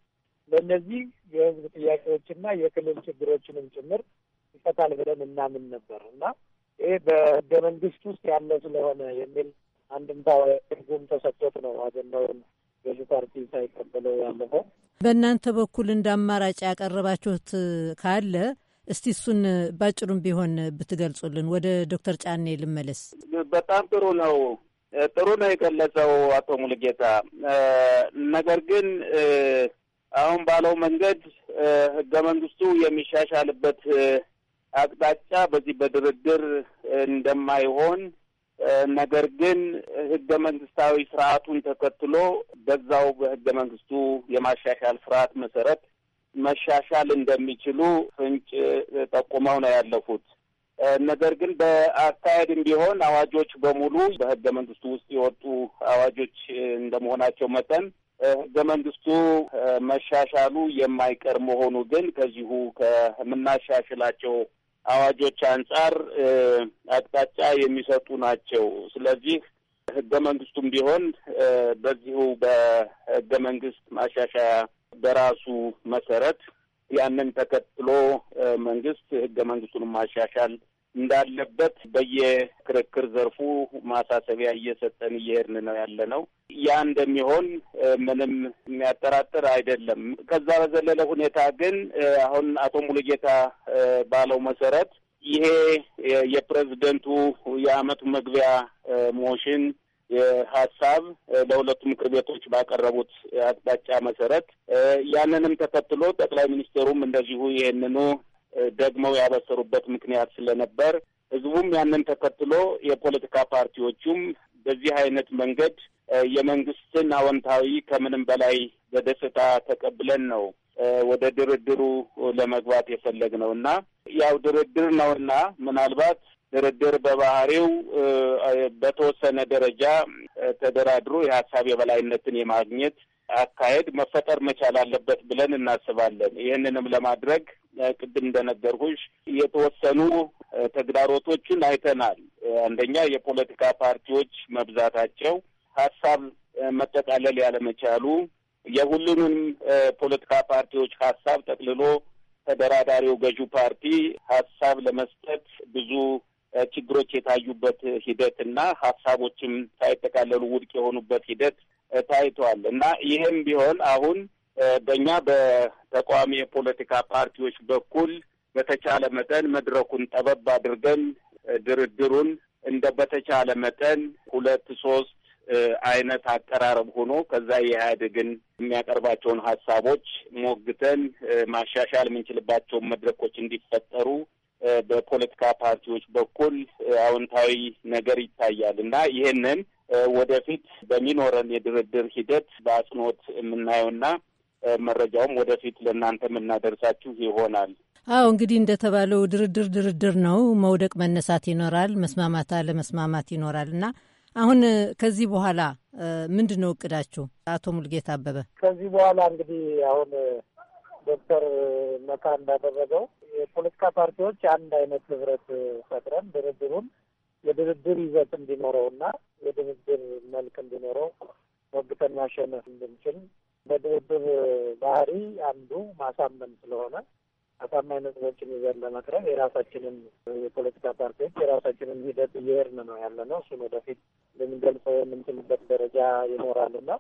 ለእነዚህ የህዝብ ጥያቄዎችና የክልል ችግሮችንም ጭምር ይፈታል ብለን እናምን ነበር እና ይሄ በህገ መንግስት ውስጥ ያለ ስለሆነ የሚል አንድምታ ትርጉም ተሰጥቶት ነው አጀንዳውን ገዢ ፓርቲ ሳይቀበለው ያለፈው። በእናንተ በኩል እንደ አማራጭ ያቀረባችሁት ካለ እስቲ እሱን ባጭሩም ቢሆን ብትገልጹልን። ወደ ዶክተር ጫኔ ልመለስ። በጣም ጥሩ ነው። ጥሩ ነው የገለጸው አቶ ሙልጌታ። ነገር ግን አሁን ባለው መንገድ ህገ መንግስቱ የሚሻሻልበት አቅጣጫ በዚህ በድርድር እንደማይሆን ነገር ግን ህገ መንግስታዊ ስርዓቱን ተከትሎ በዛው በህገ መንግስቱ የማሻሻል ስርዓት መሰረት መሻሻል እንደሚችሉ ፍንጭ ጠቁመው ነው ያለፉት። ነገር ግን በአካሄድም ቢሆን አዋጆች በሙሉ በህገ መንግስቱ ውስጥ የወጡ አዋጆች እንደመሆናቸው መጠን ህገ መንግስቱ መሻሻሉ የማይቀር መሆኑ ግን ከዚሁ ከምናሻሽላቸው አዋጆች አንጻር አቅጣጫ የሚሰጡ ናቸው። ስለዚህ ህገ መንግስቱም ቢሆን በዚሁ በህገ መንግስት ማሻሻያ በራሱ መሰረት ያንን ተከትሎ መንግስት ህገ መንግስቱን ማሻሻል እንዳለበት በየክርክር ዘርፉ ማሳሰቢያ እየሰጠን እየሄድን ነው ያለ ነው። ያ እንደሚሆን ምንም የሚያጠራጥር አይደለም። ከዛ በዘለለ ሁኔታ ግን አሁን አቶ ሙሉጌታ ባለው መሰረት ይሄ የፕሬዝደንቱ የአመቱ መግቢያ ሞሽን ሀሳብ ለሁለቱ ምክር ቤቶች ባቀረቡት አቅጣጫ መሰረት ያንንም ተከትሎ ጠቅላይ ሚኒስትሩም እንደዚሁ ይህንኑ ደግመው ያበሰሩበት ምክንያት ስለነበር ህዝቡም ያንን ተከትሎ የፖለቲካ ፓርቲዎቹም በዚህ አይነት መንገድ የመንግስትን አዎንታዊ ከምንም በላይ በደስታ ተቀብለን ነው ወደ ድርድሩ ለመግባት የፈለግ ነው እና ያው ድርድር ነው እና ምናልባት ድርድር በባህሪው በተወሰነ ደረጃ ተደራድሮ የሀሳብ የበላይነትን የማግኘት አካሄድ መፈጠር መቻል አለበት ብለን እናስባለን። ይህንንም ለማድረግ ቅድም እንደነገርኩሽ የተወሰኑ ተግዳሮቶችን አይተናል። አንደኛ የፖለቲካ ፓርቲዎች መብዛታቸው፣ ሀሳብ መጠቃለል ያለመቻሉ፣ የሁሉንም ፖለቲካ ፓርቲዎች ሀሳብ ጠቅልሎ ተደራዳሪው ገዢው ፓርቲ ሀሳብ ለመስጠት ብዙ ችግሮች የታዩበት ሂደት እና ሀሳቦችም ሳይጠቃለሉ ውድቅ የሆኑበት ሂደት ታይቷል እና ይህም ቢሆን አሁን በእኛ በተቃዋሚ የፖለቲካ ፓርቲዎች በኩል በተቻለ መጠን መድረኩን ጠበብ አድርገን ድርድሩን እንደ በተቻለ መጠን ሁለት ሶስት አይነት አቀራረብ ሆኖ ከዛ የኢህአዴግን የሚያቀርባቸውን ሀሳቦች ሞግተን ማሻሻል የምንችልባቸውን መድረኮች እንዲፈጠሩ በፖለቲካ ፓርቲዎች በኩል አዎንታዊ ነገር ይታያል እና ይህንን ወደፊት በሚኖረን የድርድር ሂደት በአጽንኦት የምናየውና መረጃውም ወደፊት ለእናንተ የምናደርሳችሁ ይሆናል። አዎ እንግዲህ እንደተባለው ድርድር ድርድር ነው። መውደቅ መነሳት ይኖራል፣ መስማማት አለመስማማት ይኖራል እና አሁን ከዚህ በኋላ ምንድን ነው እቅዳችሁ አቶ ሙልጌታ አበበ? ከዚህ በኋላ እንግዲህ አሁን ዶክተር መካ እንዳደረገው የፖለቲካ ፓርቲዎች አንድ አይነት ህብረት ፈጥረን ድርድሩን የድርድር ይዘት እንዲኖረው እና የድርድር መልክ እንዲኖረው ወግተን ማሸነፍ እንድንችል በድርድር ባህሪ አንዱ ማሳመን ስለሆነ አሳማኝ ነጥቦችን ይዘን ለመቅረብ የራሳችንን የፖለቲካ ፓርቲዎች የራሳችንን ሂደት እየሄድን ነው ያለ ነው። እሱን ወደፊት ልንገልጸው የምንችልበት ደረጃ ይኖራልና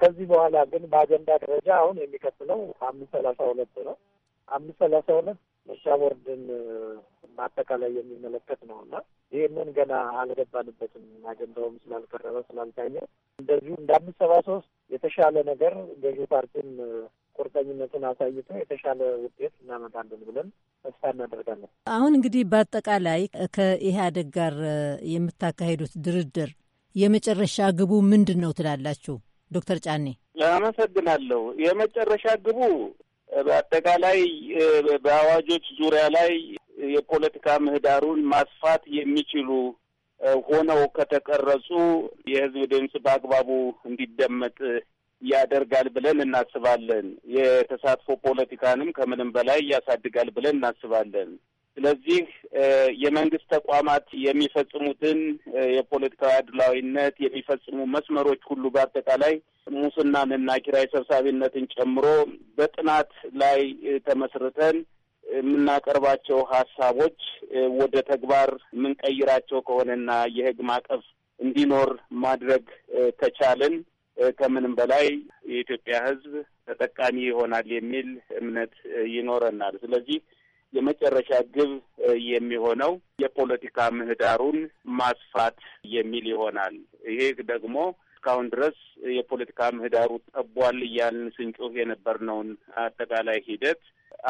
ከዚህ በኋላ ግን በአጀንዳ ደረጃ አሁን የሚቀጥለው አምስት ሰላሳ ሁለት ነው። አምስት ሰላሳ ሁለት ምርጫ ቦርድን በአጠቃላይ የሚመለከት ነው እና ይህንን ገና አልገባንበትም። አጀንዳውም ስላልቀረበ ስላልታየ እንደዚሁ እንደ አምስት ሰባ ሶስት የተሻለ ነገር ገዢ ፓርቲን ቁርጠኝነትን አሳይቶ የተሻለ ውጤት እናመጣለን ብለን ተስፋ እናደርጋለን። አሁን እንግዲህ በአጠቃላይ ከኢህአዴግ ጋር የምታካሄዱት ድርድር የመጨረሻ ግቡ ምንድን ነው ትላላችሁ? ዶክተር ጫኔ አመሰግናለሁ። የመጨረሻ ግቡ በአጠቃላይ በአዋጆች ዙሪያ ላይ የፖለቲካ ምህዳሩን ማስፋት የሚችሉ ሆነው ከተቀረጹ የህዝብ ድምፅ በአግባቡ እንዲደመጥ ያደርጋል ብለን እናስባለን። የተሳትፎ ፖለቲካንም ከምንም በላይ ያሳድጋል ብለን እናስባለን። ስለዚህ የመንግስት ተቋማት የሚፈጽሙትን የፖለቲካ አድላዊነት የሚፈጽሙ መስመሮች ሁሉ በአጠቃላይ ሙስናንና ኪራይ ሰብሳቢነትን ጨምሮ በጥናት ላይ ተመስርተን የምናቀርባቸው ሀሳቦች ወደ ተግባር የምንቀይራቸው ከሆነና የህግ ማዕቀፍ እንዲኖር ማድረግ ከቻልን ከምንም በላይ የኢትዮጵያ ህዝብ ተጠቃሚ ይሆናል የሚል እምነት ይኖረናል። ስለዚህ የመጨረሻ ግብ የሚሆነው የፖለቲካ ምህዳሩን ማስፋት የሚል ይሆናል። ይሄ ደግሞ እስካሁን ድረስ የፖለቲካ ምህዳሩ ጠቧል እያልን ስንጮህ የነበርነውን አጠቃላይ ሂደት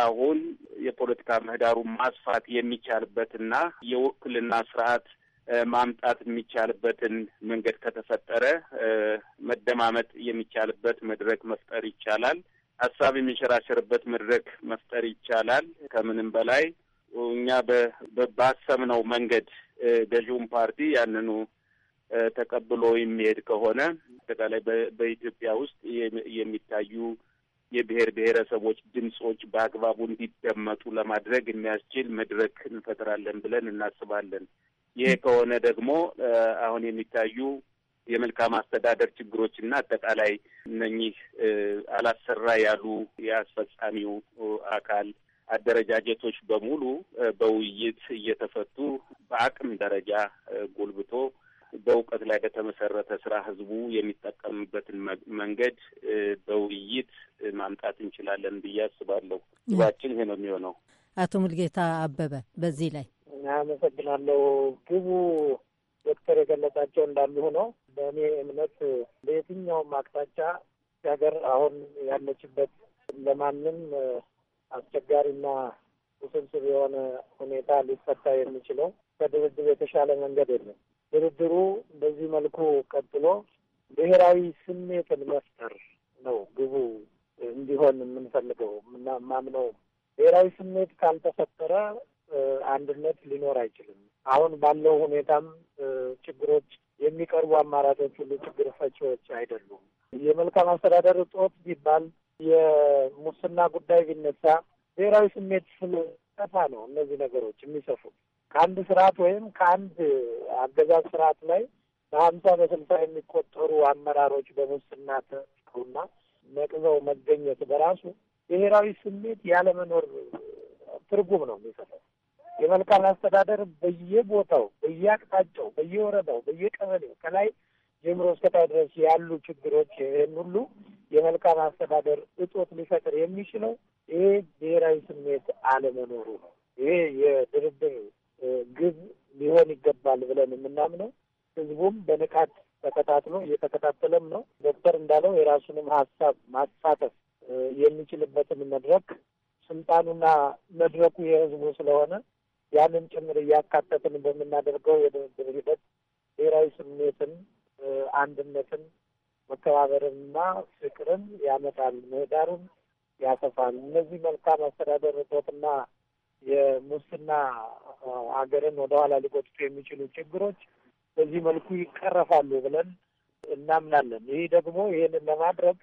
አሁን የፖለቲካ ምህዳሩ ማስፋት የሚቻልበትና የውክልና ስርዓት ማምጣት የሚቻልበትን መንገድ ከተፈጠረ መደማመጥ የሚቻልበት መድረክ መፍጠር ይቻላል። ሀሳብ የሚንሸራሸርበት መድረክ መፍጠር ይቻላል። ከምንም በላይ እኛ ባሰብነው መንገድ ገዥውን ፓርቲ ያንኑ ተቀብሎ የሚሄድ ከሆነ አጠቃላይ በኢትዮጵያ ውስጥ የሚታዩ የብሔር ብሔረሰቦች ድምጾች በአግባቡ እንዲደመጡ ለማድረግ የሚያስችል መድረክ እንፈጥራለን ብለን እናስባለን። ይሄ ከሆነ ደግሞ አሁን የሚታዩ የመልካም አስተዳደር እና አጠቃላይ እነኚህ አላሰራ ያሉ የአስፈጻሚው አካል አደረጃጀቶች በሙሉ በውይይት እየተፈቱ በአቅም ደረጃ ጎልብቶ በእውቀት ላይ በተመሰረተ ስራ ህዝቡ የሚጠቀምበትን መንገድ በውይይት ማምጣት እንችላለን ብዬ አስባለሁ። ግባችን ይሄ ነው የሚሆነው። አቶ ሙልጌታ አበበ በዚህ ላይ አመሰግናለሁ። ግቡ ዶክተር የገለጻቸው እንዳሉ ሆነው በእኔ እምነት በየትኛውም አቅጣጫ ሀገር አሁን ያለችበት ለማንም አስቸጋሪና ውስብስብ የሆነ ሁኔታ ሊፈታ የሚችለው ከድርድር የተሻለ መንገድ የለም። ድርድሩ በዚህ መልኩ ቀጥሎ ብሔራዊ ስሜትን መፍጠር ነው ግቡ እንዲሆን የምንፈልገው ማምነው ብሔራዊ ስሜት ካልተፈጠረ አንድነት ሊኖር አይችልም። አሁን ባለው ሁኔታም ችግሮች የሚቀርቡ አማራጮች ሁሉ ችግር ፈቺዎች አይደሉም። የመልካም አስተዳደር እጦት ቢባል የሙስና ጉዳይ ቢነሳ ብሔራዊ ስሜት ስለጠፋ ነው እነዚህ ነገሮች የሚሰፉት። ከአንድ ስርዓት ወይም ከአንድ አገዛዝ ስርዓት ላይ በሀምሳ በስልሳ የሚቆጠሩ አመራሮች በሙስና ተና ነቅዘው መገኘት በራሱ ብሔራዊ ስሜት ያለመኖር ትርጉም ነው የሚሰጠው። የመልካም አስተዳደር በየቦታው በየአቅጣጫው፣ በየወረዳው፣ በየቀበሌው ከላይ ጀምሮ እስከታች ድረስ ያሉ ችግሮች ይህን ሁሉ የመልካም አስተዳደር እጦት ሊፈጥር የሚችለው ይሄ ብሔራዊ ስሜት አለመኖሩ ነው። ይሄ የድርድር ግብ ሊሆን ይገባል ብለን የምናምነው ህዝቡም በንቃት ተከታትሎ እየተከታተለም ነው። ዶክተር እንዳለው የራሱንም ሀሳብ ማሳተፍ የሚችልበትን መድረክ ስልጣኑና መድረኩ የህዝቡ ስለሆነ ያንን ጭምር እያካተትን በምናደርገው የድርድር ሂደት ብሔራዊ ስሜትን፣ አንድነትን፣ መከባበርንና ፍቅርን ያመጣል፣ ምህዳሩን ያሰፋል። እነዚህ መልካም አስተዳደር እጦትና የሙስና ሀገርን ወደኋላ ሊቆጥቱ የሚችሉ ችግሮች በዚህ መልኩ ይቀረፋሉ ብለን እናምናለን። ይህ ደግሞ ይህንን ለማድረግ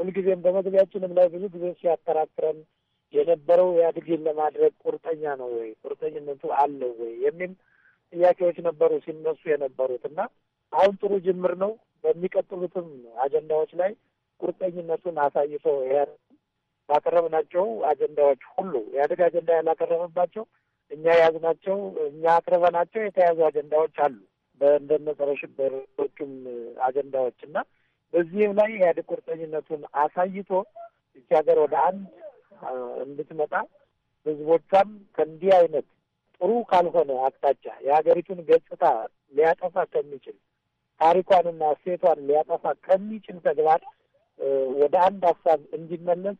ሁልጊዜም በመግቢያችንም ላይ ብዙ ጊዜ ሲያከራክረን የነበረው ኢህአዴግን ለማድረግ ቁርጠኛ ነው ወይ ቁርጠኝነቱ አለው ወይ የሚል ጥያቄዎች ነበሩ ሲነሱ የነበሩት እና አሁን ጥሩ ጅምር ነው። በሚቀጥሉትም አጀንዳዎች ላይ ቁርጠኝነቱን አሳይቶ ኢህአዴግ ባቀረብናቸው አጀንዳዎች ሁሉ ኢህአዴግ አጀንዳ ያላቀረበባቸው እኛ የያዝናቸው እኛ አቅርበናቸው የተያዙ አጀንዳዎች አሉ በእንደነ ጸረ ሽብሮቹም አጀንዳዎች እና በዚህም ላይ ኢህአዴግ ቁርጠኝነቱን አሳይቶ እቺ ሀገር ወደ አንድ እንድትመጣ ህዝቦቿም ከእንዲህ አይነት ጥሩ ካልሆነ አቅጣጫ የሀገሪቱን ገጽታ ሊያጠፋ ከሚችል ታሪኳንና እሴቷን ሊያጠፋ ከሚችል ተግባር ወደ አንድ ሀሳብ እንዲመለስ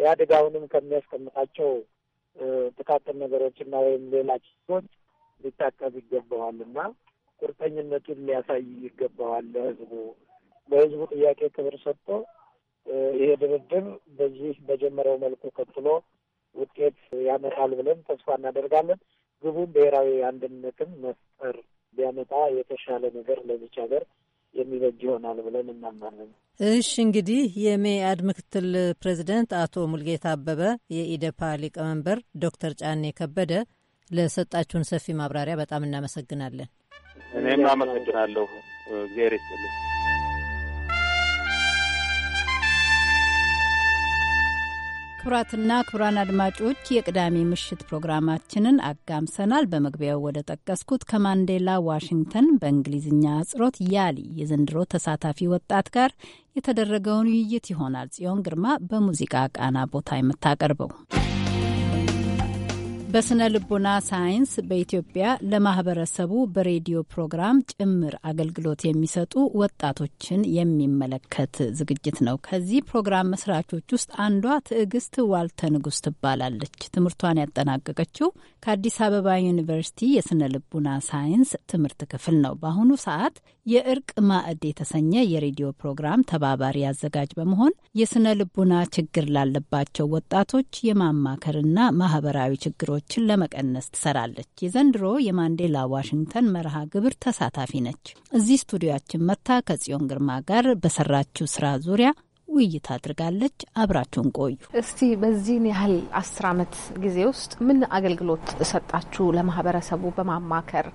ኢህአዴግ አሁንም ከሚያስቀምጣቸው ጥቃቅን ነገሮችና ወይም ሌላ ችግሮች ሊታቀብ ይገባዋል ቁርጠኝነቱን ሊያሳይ ይገባዋል። ለህዝቡ ለህዝቡ ጥያቄ ክብር ሰጥቶ ይሄ ድርድር በዚህ በጀመረው መልኩ ቀጥሎ ውጤት ያመጣል ብለን ተስፋ እናደርጋለን። ግቡን ብሔራዊ አንድነትን መፍጠር ቢያመጣ የተሻለ ነገር ለዚች ሀገር የሚበጅ ይሆናል ብለን እናምናለን። እሽ እንግዲህ የመኢአድ ምክትል ፕሬዚደንት አቶ ሙልጌታ አበበ፣ የኢደፓ ሊቀመንበር ዶክተር ጫኔ ከበደ ለሰጣችሁን ሰፊ ማብራሪያ በጣም እናመሰግናለን። እኔም አመሰግናለሁ። እግዚአብሔር ይስጥልኝ። ክቡራትና ክቡራን አድማጮች የቅዳሜ ምሽት ፕሮግራማችንን አጋምሰናል። በመግቢያው ወደ ጠቀስኩት ከማንዴላ ዋሽንግተን በእንግሊዝኛ አጽሮት ያሊ የዘንድሮ ተሳታፊ ወጣት ጋር የተደረገውን ውይይት ይሆናል ጽዮን ግርማ በሙዚቃ ቃና ቦታ የምታቀርበው። በስነ ልቦና ሳይንስ በኢትዮጵያ ለማህበረሰቡ በሬዲዮ ፕሮግራም ጭምር አገልግሎት የሚሰጡ ወጣቶችን የሚመለከት ዝግጅት ነው። ከዚህ ፕሮግራም መስራቾች ውስጥ አንዷ ትዕግስት ዋልተ ንጉስ ትባላለች። ትምህርቷን ያጠናቀቀችው ከአዲስ አበባ ዩኒቨርሲቲ የስነ ልቦና ሳይንስ ትምህርት ክፍል ነው። በአሁኑ ሰዓት የእርቅ ማዕድ የተሰኘ የሬዲዮ ፕሮግራም ተባባሪ አዘጋጅ በመሆን የስነ ልቡና ችግር ላለባቸው ወጣቶች የማማከርና ማህበራዊ ችግሮችን ለመቀነስ ትሰራለች። የዘንድሮ የማንዴላ ዋሽንግተን መርሃ ግብር ተሳታፊ ነች። እዚህ ስቱዲያችን መታ ከጽዮን ግርማ ጋር በሰራችው ስራ ዙሪያ ውይይት አድርጋለች። አብራችሁን ቆዩ። እስቲ በዚህን ያህል አስር አመት ጊዜ ውስጥ ምን አገልግሎት ሰጣችሁ ለማህበረሰቡ በማማከር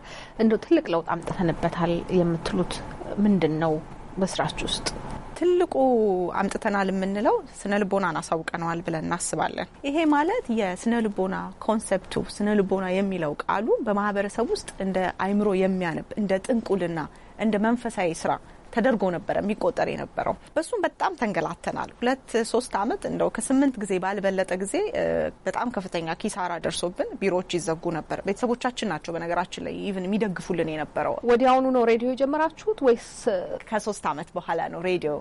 እንደው ትልቅ ለውጥ አምጥተንበታል የምትሉት ምንድን ነው? በስራችሁ ውስጥ ትልቁ አምጥተናል የምንለው ስነ ልቦናን አሳውቀነዋል ብለን እናስባለን። ይሄ ማለት የስነ ልቦና ኮንሰፕቱ ስነ ልቦና የሚለው ቃሉ በማህበረሰብ ውስጥ እንደ አይምሮ የሚያነብ እንደ ጥንቁልና እንደ መንፈሳዊ ስራ ተደርጎ ነበረ የሚቆጠር የነበረው። በሱም በጣም ተንገላተናል። ሁለት ሶስት አመት እንደው ከስምንት ጊዜ ባልበለጠ ጊዜ በጣም ከፍተኛ ኪሳራ ደርሶብን ቢሮዎች ይዘጉ ነበር። ቤተሰቦቻችን ናቸው በነገራችን ላይ ኢቭን የሚደግፉልን የነበረው። ወዲያውኑ ነው ሬዲዮ የጀመራችሁት ወይስ ከሶስት አመት በኋላ ነው ሬዲዮ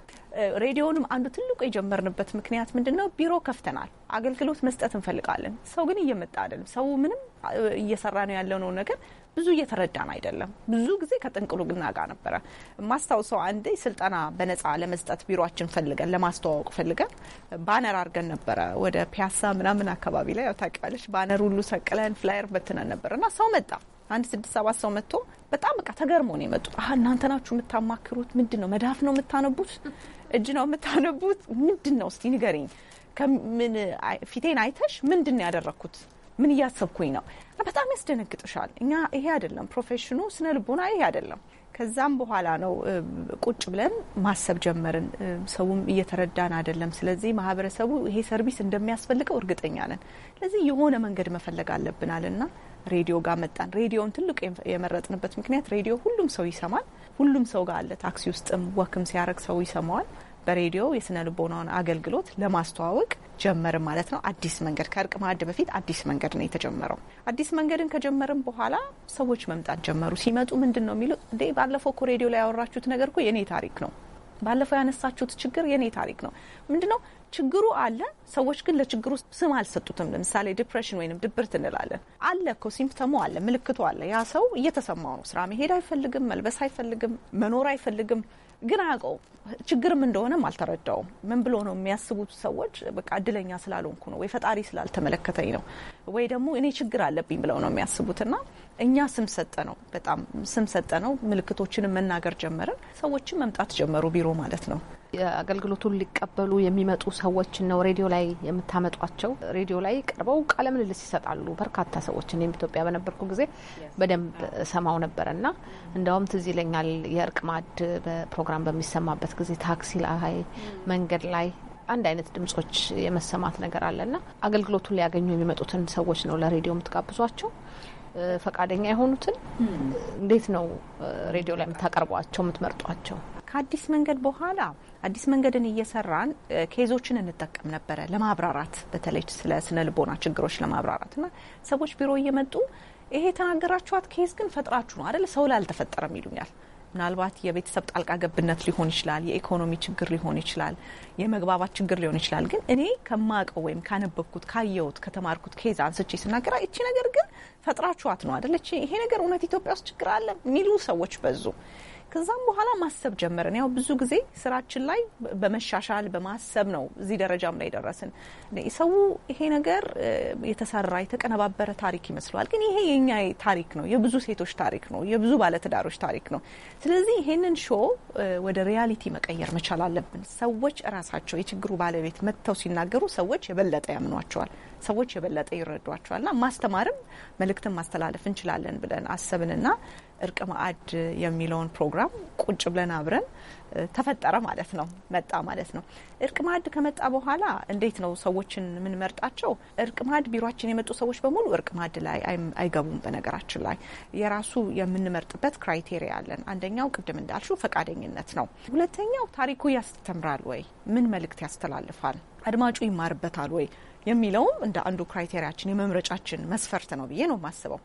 ሬዲዮንም አንዱ ትልቁ የጀመርንበት ምክንያት ምንድን ነው? ቢሮ ከፍተናል፣ አገልግሎት መስጠት እንፈልጋለን። ሰው ግን እየመጣ አይደለም። ሰው ምንም እየሰራ ነው ያለነው ነገር ብዙ እየተረዳን አይደለም። ብዙ ጊዜ ከጥንቅሉ ጋር ነበረ ማስታውሰው። አንዴ ስልጠና በነጻ ለመስጠት ቢሮችን ፈልገን ለማስተዋወቅ ፈልገን ባነር አድርገን ነበረ ወደ ፒያሳ ምናምን አካባቢ ላይ ያው ባነር ሁሉ ሰቅለን ፍላየር በትነን ነበር እና ሰው መጣ አንድ ስድስት ሰባት ሰው መጥቶ በጣም በቃ ተገርሞ ነው የመጡት። አሀ እናንተ ናችሁ የምታማክሩት? ምንድን ነው መዳፍ ነው የምታነቡት? እጅ ነው የምታነቡት? ምንድን ነው እስቲ ንገሪኝ። ከምን ፊቴን አይተሽ ምንድን ነው ያደረግኩት? ምን እያሰብኩኝ ነው? በጣም ያስደነግጥሻል። እኛ ይሄ አይደለም ፕሮፌሽኑ፣ ስነ ልቦና ይሄ አይደለም። ከዛም በኋላ ነው ቁጭ ብለን ማሰብ ጀመርን። ሰውም እየተረዳን አይደለም። ስለዚህ ማህበረሰቡ ይሄ ሰርቪስ እንደሚያስፈልገው እርግጠኛ ነን። ስለዚህ የሆነ መንገድ መፈለግ አለብናል እና ሬዲዮ ጋር መጣን። ሬዲዮን ትልቁ የመረጥንበት ምክንያት ሬዲዮ ሁሉም ሰው ይሰማል፣ ሁሉም ሰው ጋር አለ። ታክሲ ውስጥም ወክም ሲያረግ ሰው ይሰማዋል። በሬዲዮ የስነ ልቦናውን አገልግሎት ለማስተዋወቅ ጀመር ማለት ነው። አዲስ መንገድ ከእርቅ ማዕድ በፊት አዲስ መንገድ ነው የተጀመረው። አዲስ መንገድን ከጀመርም በኋላ ሰዎች መምጣት ጀመሩ። ሲመጡ ምንድን ነው የሚሉት? እንዴ ባለፈው እኮ ሬዲዮ ላይ ያወራችሁት ነገር እኮ የኔ ታሪክ ነው። ባለፈው ያነሳችሁት ችግር የኔ ታሪክ ነው። ምንድን ነው ችግሩ አለ። ሰዎች ግን ለችግሩ ስም አልሰጡትም። ለምሳሌ ዲፕሬሽን ወይም ድብርት እንላለን። አለ እኮ ሲምፕተሙ አለ፣ ምልክቱ አለ። ያ ሰው እየተሰማው ነው። ስራ መሄድ አይፈልግም፣ መልበስ አይፈልግም፣ መኖር አይፈልግም ግን አያውቀው ችግርም እንደሆነም አልተረዳውም። ምን ብሎ ነው የሚያስቡት ሰዎች? በቃ እድለኛ ስላልሆንኩ ነው ወይ ፈጣሪ ስላልተመለከተኝ ነው ወይ ደግሞ እኔ ችግር አለብኝ ብለው ነው የሚያስቡትና እኛ ስም ሰጠ ነው በጣም ስም ሰጠ ነው። ምልክቶችን መናገር ጀመርን። ሰዎችን መምጣት ጀመሩ ቢሮ ማለት ነው። አገልግሎቱን ሊቀበሉ የሚመጡ ሰዎችን ነው ሬዲዮ ላይ የምታመጧቸው? ሬዲዮ ላይ ቀርበው ቃለ ምልልስ ይሰጣሉ በርካታ ሰዎች። እኔም ኢትዮጵያ በነበርኩ ጊዜ በደንብ ሰማው ነበር እና እንዲያውም ትዝ ይለኛል የእርቅ ማድ በፕሮግራም በሚሰማበት ጊዜ ታክሲ ላይ መንገድ ላይ አንድ አይነት ድምጾች የመሰማት ነገር አለና አገልግሎቱን ሊያገኙ የሚመጡትን ሰዎች ነው ለሬዲዮ የምትጋብዟቸው? ፈቃደኛ የሆኑትን እንዴት ነው ሬዲዮ ላይ የምታቀርቧቸው የምትመርጧቸው? ከአዲስ መንገድ በኋላ አዲስ መንገድን እየሰራን ኬዞችን እንጠቀም ነበረ ለማብራራት በተለይ ስለ ስነ ልቦና ችግሮች ለማብራራት እና ሰዎች ቢሮ እየመጡ ይሄ የተናገራችኋት ኬዝ ግን ፈጥራችሁ ነው አደለ? ሰው ላይ አልተፈጠረም ይሉኛል። ምናልባት የቤተሰብ ጣልቃ ገብነት ሊሆን ይችላል፣ የኢኮኖሚ ችግር ሊሆን ይችላል፣ የመግባባት ችግር ሊሆን ይችላል። ግን እኔ ከማቀው ወይም ካነበብኩት፣ ካየሁት፣ ከተማርኩት ከዛ አንስቼ ስናገራ እቺ ነገር ግን ፈጥራችኋት ነው አደለች፣ ይሄ ነገር እውነት ኢትዮጵያ ውስጥ ችግር አለ የሚሉ ሰዎች በዙ። ከዛም በኋላ ማሰብ ጀመርን። ያው ብዙ ጊዜ ስራችን ላይ በመሻሻል በማሰብ ነው እዚህ ደረጃም ላይ ደረስን። ሰው ይሄ ነገር የተሰራ የተቀነባበረ ታሪክ ይመስለዋል፣ ግን ይሄ የኛ ታሪክ ነው፣ የብዙ ሴቶች ታሪክ ነው፣ የብዙ ባለትዳሮች ታሪክ ነው። ስለዚህ ይሄንን ሾ ወደ ሪያሊቲ መቀየር መቻል አለብን። ሰዎች ራሳቸው የችግሩ ባለቤት መጥተው ሲናገሩ ሰዎች የበለጠ ያምኗቸዋል፣ ሰዎች የበለጠ ይረዷቸዋል። እና ማስተማርም መልእክትን ማስተላለፍ እንችላለን ብለን አሰብንና እርቅ ማዕድ የሚለውን ፕሮግራም ቁጭ ብለን አብረን ተፈጠረ ማለት ነው፣ መጣ ማለት ነው። እርቅ ማዕድ ከመጣ በኋላ እንዴት ነው ሰዎችን የምንመርጣቸው? እርቅ ማዕድ ቢሮችን የመጡ ሰዎች በሙሉ እርቅ ማዕድ ላይ አይገቡም። በነገራችን ላይ የራሱ የምንመርጥበት ክራይቴሪያ አለን። አንደኛው ቅድም እንዳልሹ ፈቃደኝነት ነው። ሁለተኛው ታሪኩ ያስተምራል ወይ? ምን መልእክት ያስተላልፋል? አድማጩ ይማርበታል ወይ? የሚለውም እንደ አንዱ ክራይቴሪያችን የመምረጫችን መስፈርት ነው ብዬ ነው የማስበው።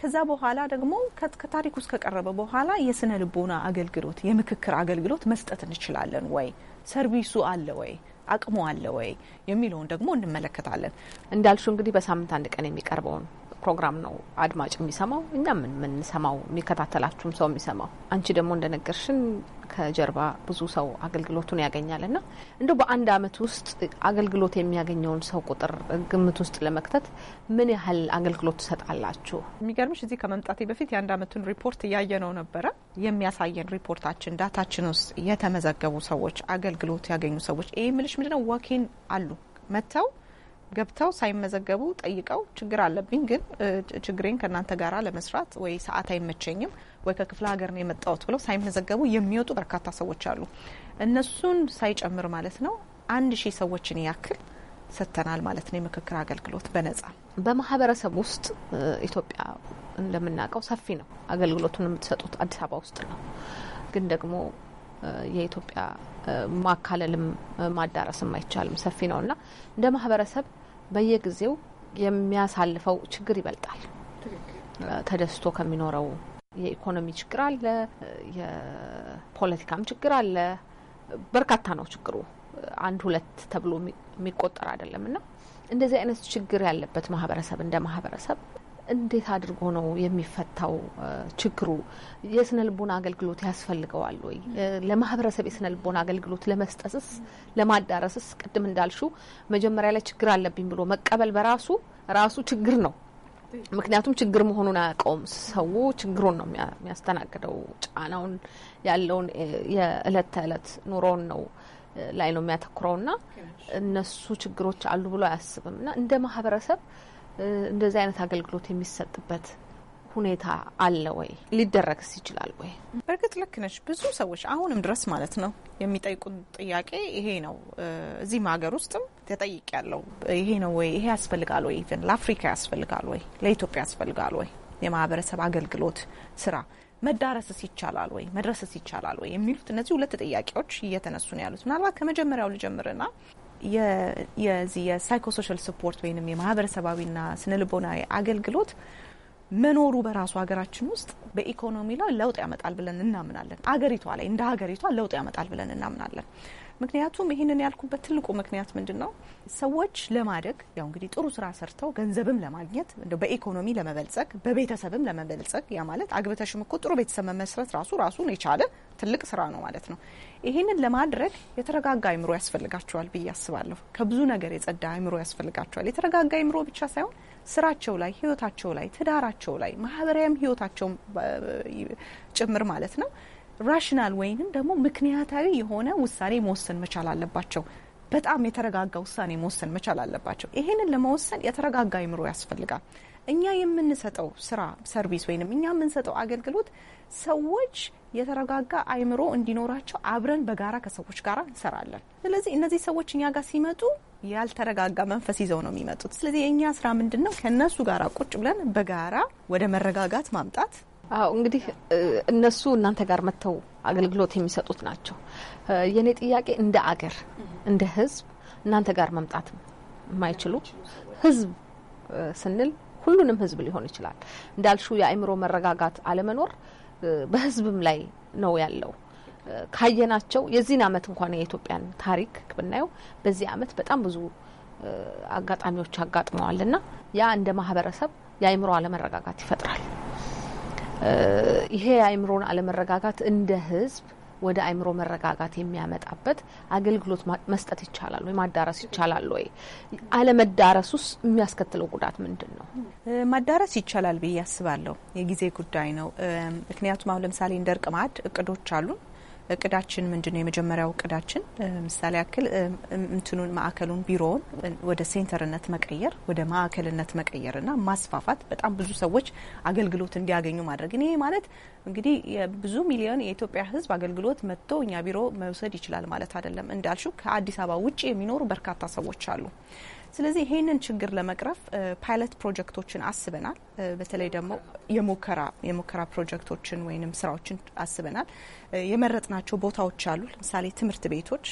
ከዛ በኋላ ደግሞ ከታሪክ ውስጥ ከቀረበ በኋላ የስነ ልቦና አገልግሎት፣ የምክክር አገልግሎት መስጠት እንችላለን ወይ፣ ሰርቪሱ አለ ወይ አቅሙ አለ ወይ የሚለውን ደግሞ እንመለከታለን። እንዳልሹ እንግዲህ በሳምንት አንድ ቀን የሚቀርበውን ፕሮግራም ነው አድማጭ የሚሰማው፣ ምን የምንሰማው የሚከታተላችሁም ሰው የሚሰማው። አንቺ ደግሞ እንደነገርሽን ከጀርባ ብዙ ሰው አገልግሎቱን ያገኛል ና እንደው በአንድ አመት ውስጥ አገልግሎት የሚያገኘውን ሰው ቁጥር ግምት ውስጥ ለመክተት ምን ያህል አገልግሎት ትሰጣላችሁ? የሚገርምሽ እዚህ ከመምጣቴ በፊት የአንድ አመቱን ሪፖርት እያየ ነው ነበረ የሚያሳየን ሪፖርታችን ዳታችን ውስጥ የተመዘገቡ ሰዎች አገልግሎት ያገኙ ሰዎች ይህ ምልሽ ምንድነው ወኪን አሉ መጥተው ገብተው ሳይመዘገቡ ጠይቀው ችግር አለብኝ ግን ችግሬን ከእናንተ ጋራ ለመስራት ወይ ሰዓት አይመቸኝም ወይ ከክፍለ ሀገር ነው የመጣሁት ብለው ሳይመዘገቡ የሚወጡ በርካታ ሰዎች አሉ። እነሱን ሳይጨምር ማለት ነው አንድ ሺህ ሰዎችን ያክል ሰጥተናል ማለት ነው የምክክር አገልግሎት በነጻ በማህበረሰብ ውስጥ ኢትዮጵያ እንደምናውቀው ሰፊ ነው። አገልግሎቱን የምትሰጡት አዲስ አበባ ውስጥ ነው። ግን ደግሞ የኢትዮጵያ ማካለልም ማዳረስም አይቻልም ሰፊ እና እንደ ማህበረሰብ በየጊዜው የሚያሳልፈው ችግር ይበልጣል ተደስቶ ከሚኖረው። የኢኮኖሚ ችግር አለ፣ የፖለቲካም ችግር አለ። በርካታ ነው ችግሩ። አንድ ሁለት ተብሎ የሚቆጠር አይደለም እና እንደዚህ አይነት ችግር ያለበት ማህበረሰብ እንደ ማህበረሰብ እንዴት አድርጎ ነው የሚፈታው ችግሩ? የስነ ልቦና አገልግሎት ያስፈልገዋል ወይ? ለማህበረሰብ የስነ ልቦና አገልግሎት ለመስጠትስ ለማዳረስስ፣ ቅድም እንዳልሹ መጀመሪያ ላይ ችግር አለብኝ ብሎ መቀበል በራሱ ራሱ ችግር ነው። ምክንያቱም ችግር መሆኑን አያውቀውም። ሰው ችግሩን ነው የሚያስተናግደው። ጫናውን ያለውን የእለት ተእለት ኑሮውን ነው ላይ ነው የሚያተኩረውና እነሱ ችግሮች አሉ ብሎ አያስብም እና እንደ ማህበረሰብ እንደዚህ አይነት አገልግሎት የሚሰጥበት ሁኔታ አለ ወይ? ሊደረግስ ይችላል ወይ? በእርግጥ ልክ ነች። ብዙ ሰዎች አሁንም ድረስ ማለት ነው የሚጠይቁት ጥያቄ ይሄ ነው። እዚህም ሀገር ውስጥም ተጠይቅ ያለው ይሄ ነው ወይ? ይሄ ያስፈልጋል ወይ? ኢቨን ለአፍሪካ ያስፈልጋል ወይ? ለኢትዮጵያ ያስፈልጋል ወይ? የማህበረሰብ አገልግሎት ስራ መዳረስስ ይቻላል ወይ? መድረስስ ይቻላል ወይ? የሚሉት እነዚህ ሁለት ጥያቄዎች እየተነሱ ነው ያሉት። ምናልባት ከመጀመሪያው ልጀምርና የዚህ የሳይኮሶሻል ስፖርት ወይንም የማህበረሰባዊና ስነልቦናዊ አገልግሎት መኖሩ በራሱ ሀገራችን ውስጥ በኢኮኖሚ ላይ ለውጥ ያመጣል ብለን እናምናለን። አገሪቷ ላይ እንደ ሀገሪቷ ለውጥ ያመጣል ብለን እናምናለን። ምክንያቱም ይህንን ያልኩበት ትልቁ ምክንያት ምንድን ነው? ሰዎች ለማደግ ያው እንግዲህ ጥሩ ስራ ሰርተው ገንዘብም ለማግኘት እንደው በኢኮኖሚ ለመበልጸግ በቤተሰብም ለመበልጸግ ያ ማለት አግብተሽም እኮ ጥሩ ቤተሰብ መመስረት ራሱ ራሱን የቻለ ትልቅ ስራ ነው ማለት ነው። ይህንን ለማድረግ የተረጋጋ አይምሮ ያስፈልጋቸዋል ብዬ አስባለሁ። ከብዙ ነገር የጸዳ አይምሮ ያስፈልጋቸዋል። የተረጋጋ አይምሮ ብቻ ሳይሆን ስራቸው ላይ፣ ህይወታቸው ላይ፣ ትዳራቸው ላይ፣ ማህበራዊም ህይወታቸው ጭምር ማለት ነው ራሽናል ወይንም ደግሞ ምክንያታዊ የሆነ ውሳኔ መወሰን መቻል አለባቸው። በጣም የተረጋጋ ውሳኔ መወሰን መቻል አለባቸው። ይሄንን ለመወሰን የተረጋጋ አይምሮ ያስፈልጋል። እኛ የምንሰጠው ስራ ሰርቪስ ወይንም እኛ የምንሰጠው አገልግሎት ሰዎች የተረጋጋ አይምሮ እንዲኖራቸው አብረን በጋራ ከሰዎች ጋር እንሰራለን። ስለዚህ እነዚህ ሰዎች እኛ ጋር ሲመጡ ያልተረጋጋ መንፈስ ይዘው ነው የሚመጡት። ስለዚህ የእኛ ስራ ምንድን ነው? ከእነሱ ጋር ቁጭ ብለን በጋራ ወደ መረጋጋት ማምጣት አዎ እንግዲህ እነሱ እናንተ ጋር መጥተው አገልግሎት የሚሰጡት ናቸው። የእኔ ጥያቄ እንደ አገር እንደ ህዝብ እናንተ ጋር መምጣት የማይችሉ ህዝብ ስንል ሁሉንም ህዝብ ሊሆን ይችላል። እንዳልሹ የአእምሮ መረጋጋት አለመኖር በህዝብም ላይ ነው ያለው። ካየናቸው የዚህን ዓመት እንኳን የኢትዮጵያን ታሪክ ብናየው በዚህ አመት በጣም ብዙ አጋጣሚዎች አጋጥመዋል እና ያ እንደ ማህበረሰብ የአእምሮ አለመረጋጋት ይፈጥራል። ይሄ የአእምሮን አለመረጋጋት እንደ ህዝብ ወደ አእምሮ መረጋጋት የሚያመጣበት አገልግሎት መስጠት ይቻላል ወይ? ማዳረስ ይቻላል ወይ? አለመዳረሱስ የሚያስከትለው ጉዳት ምንድን ነው? ማዳረስ ይቻላል ብዬ አስባለሁ። የጊዜ ጉዳይ ነው። ምክንያቱም አሁን ለምሳሌ እንደ እርቅ እቅዶች አሉን እቅዳችን ምንድነው ነው? የመጀመሪያው እቅዳችን ምሳሌ ያክል እንትኑን ማዕከሉን ቢሮውን ወደ ሴንተርነት መቀየር ወደ ማዕከልነት መቀየርና ማስፋፋት በጣም ብዙ ሰዎች አገልግሎት እንዲያገኙ ማድረግ። ይሄ ማለት እንግዲህ ብዙ ሚሊዮን የኢትዮጵያ ሕዝብ አገልግሎት መጥቶ እኛ ቢሮ መውሰድ ይችላል ማለት አይደለም። እንዳልሹ ከአዲስ አበባ ውጭ የሚኖሩ በርካታ ሰዎች አሉ። ስለዚህ ይህንን ችግር ለመቅረፍ ፓይለት ፕሮጀክቶችን አስበናል። በተለይ ደግሞ የሙከራ የሙከራ ፕሮጀክቶችን ወይም ስራዎችን አስበናል። የመረጥናቸው ቦታዎች አሉ። ለምሳሌ ትምህርት ቤቶች፣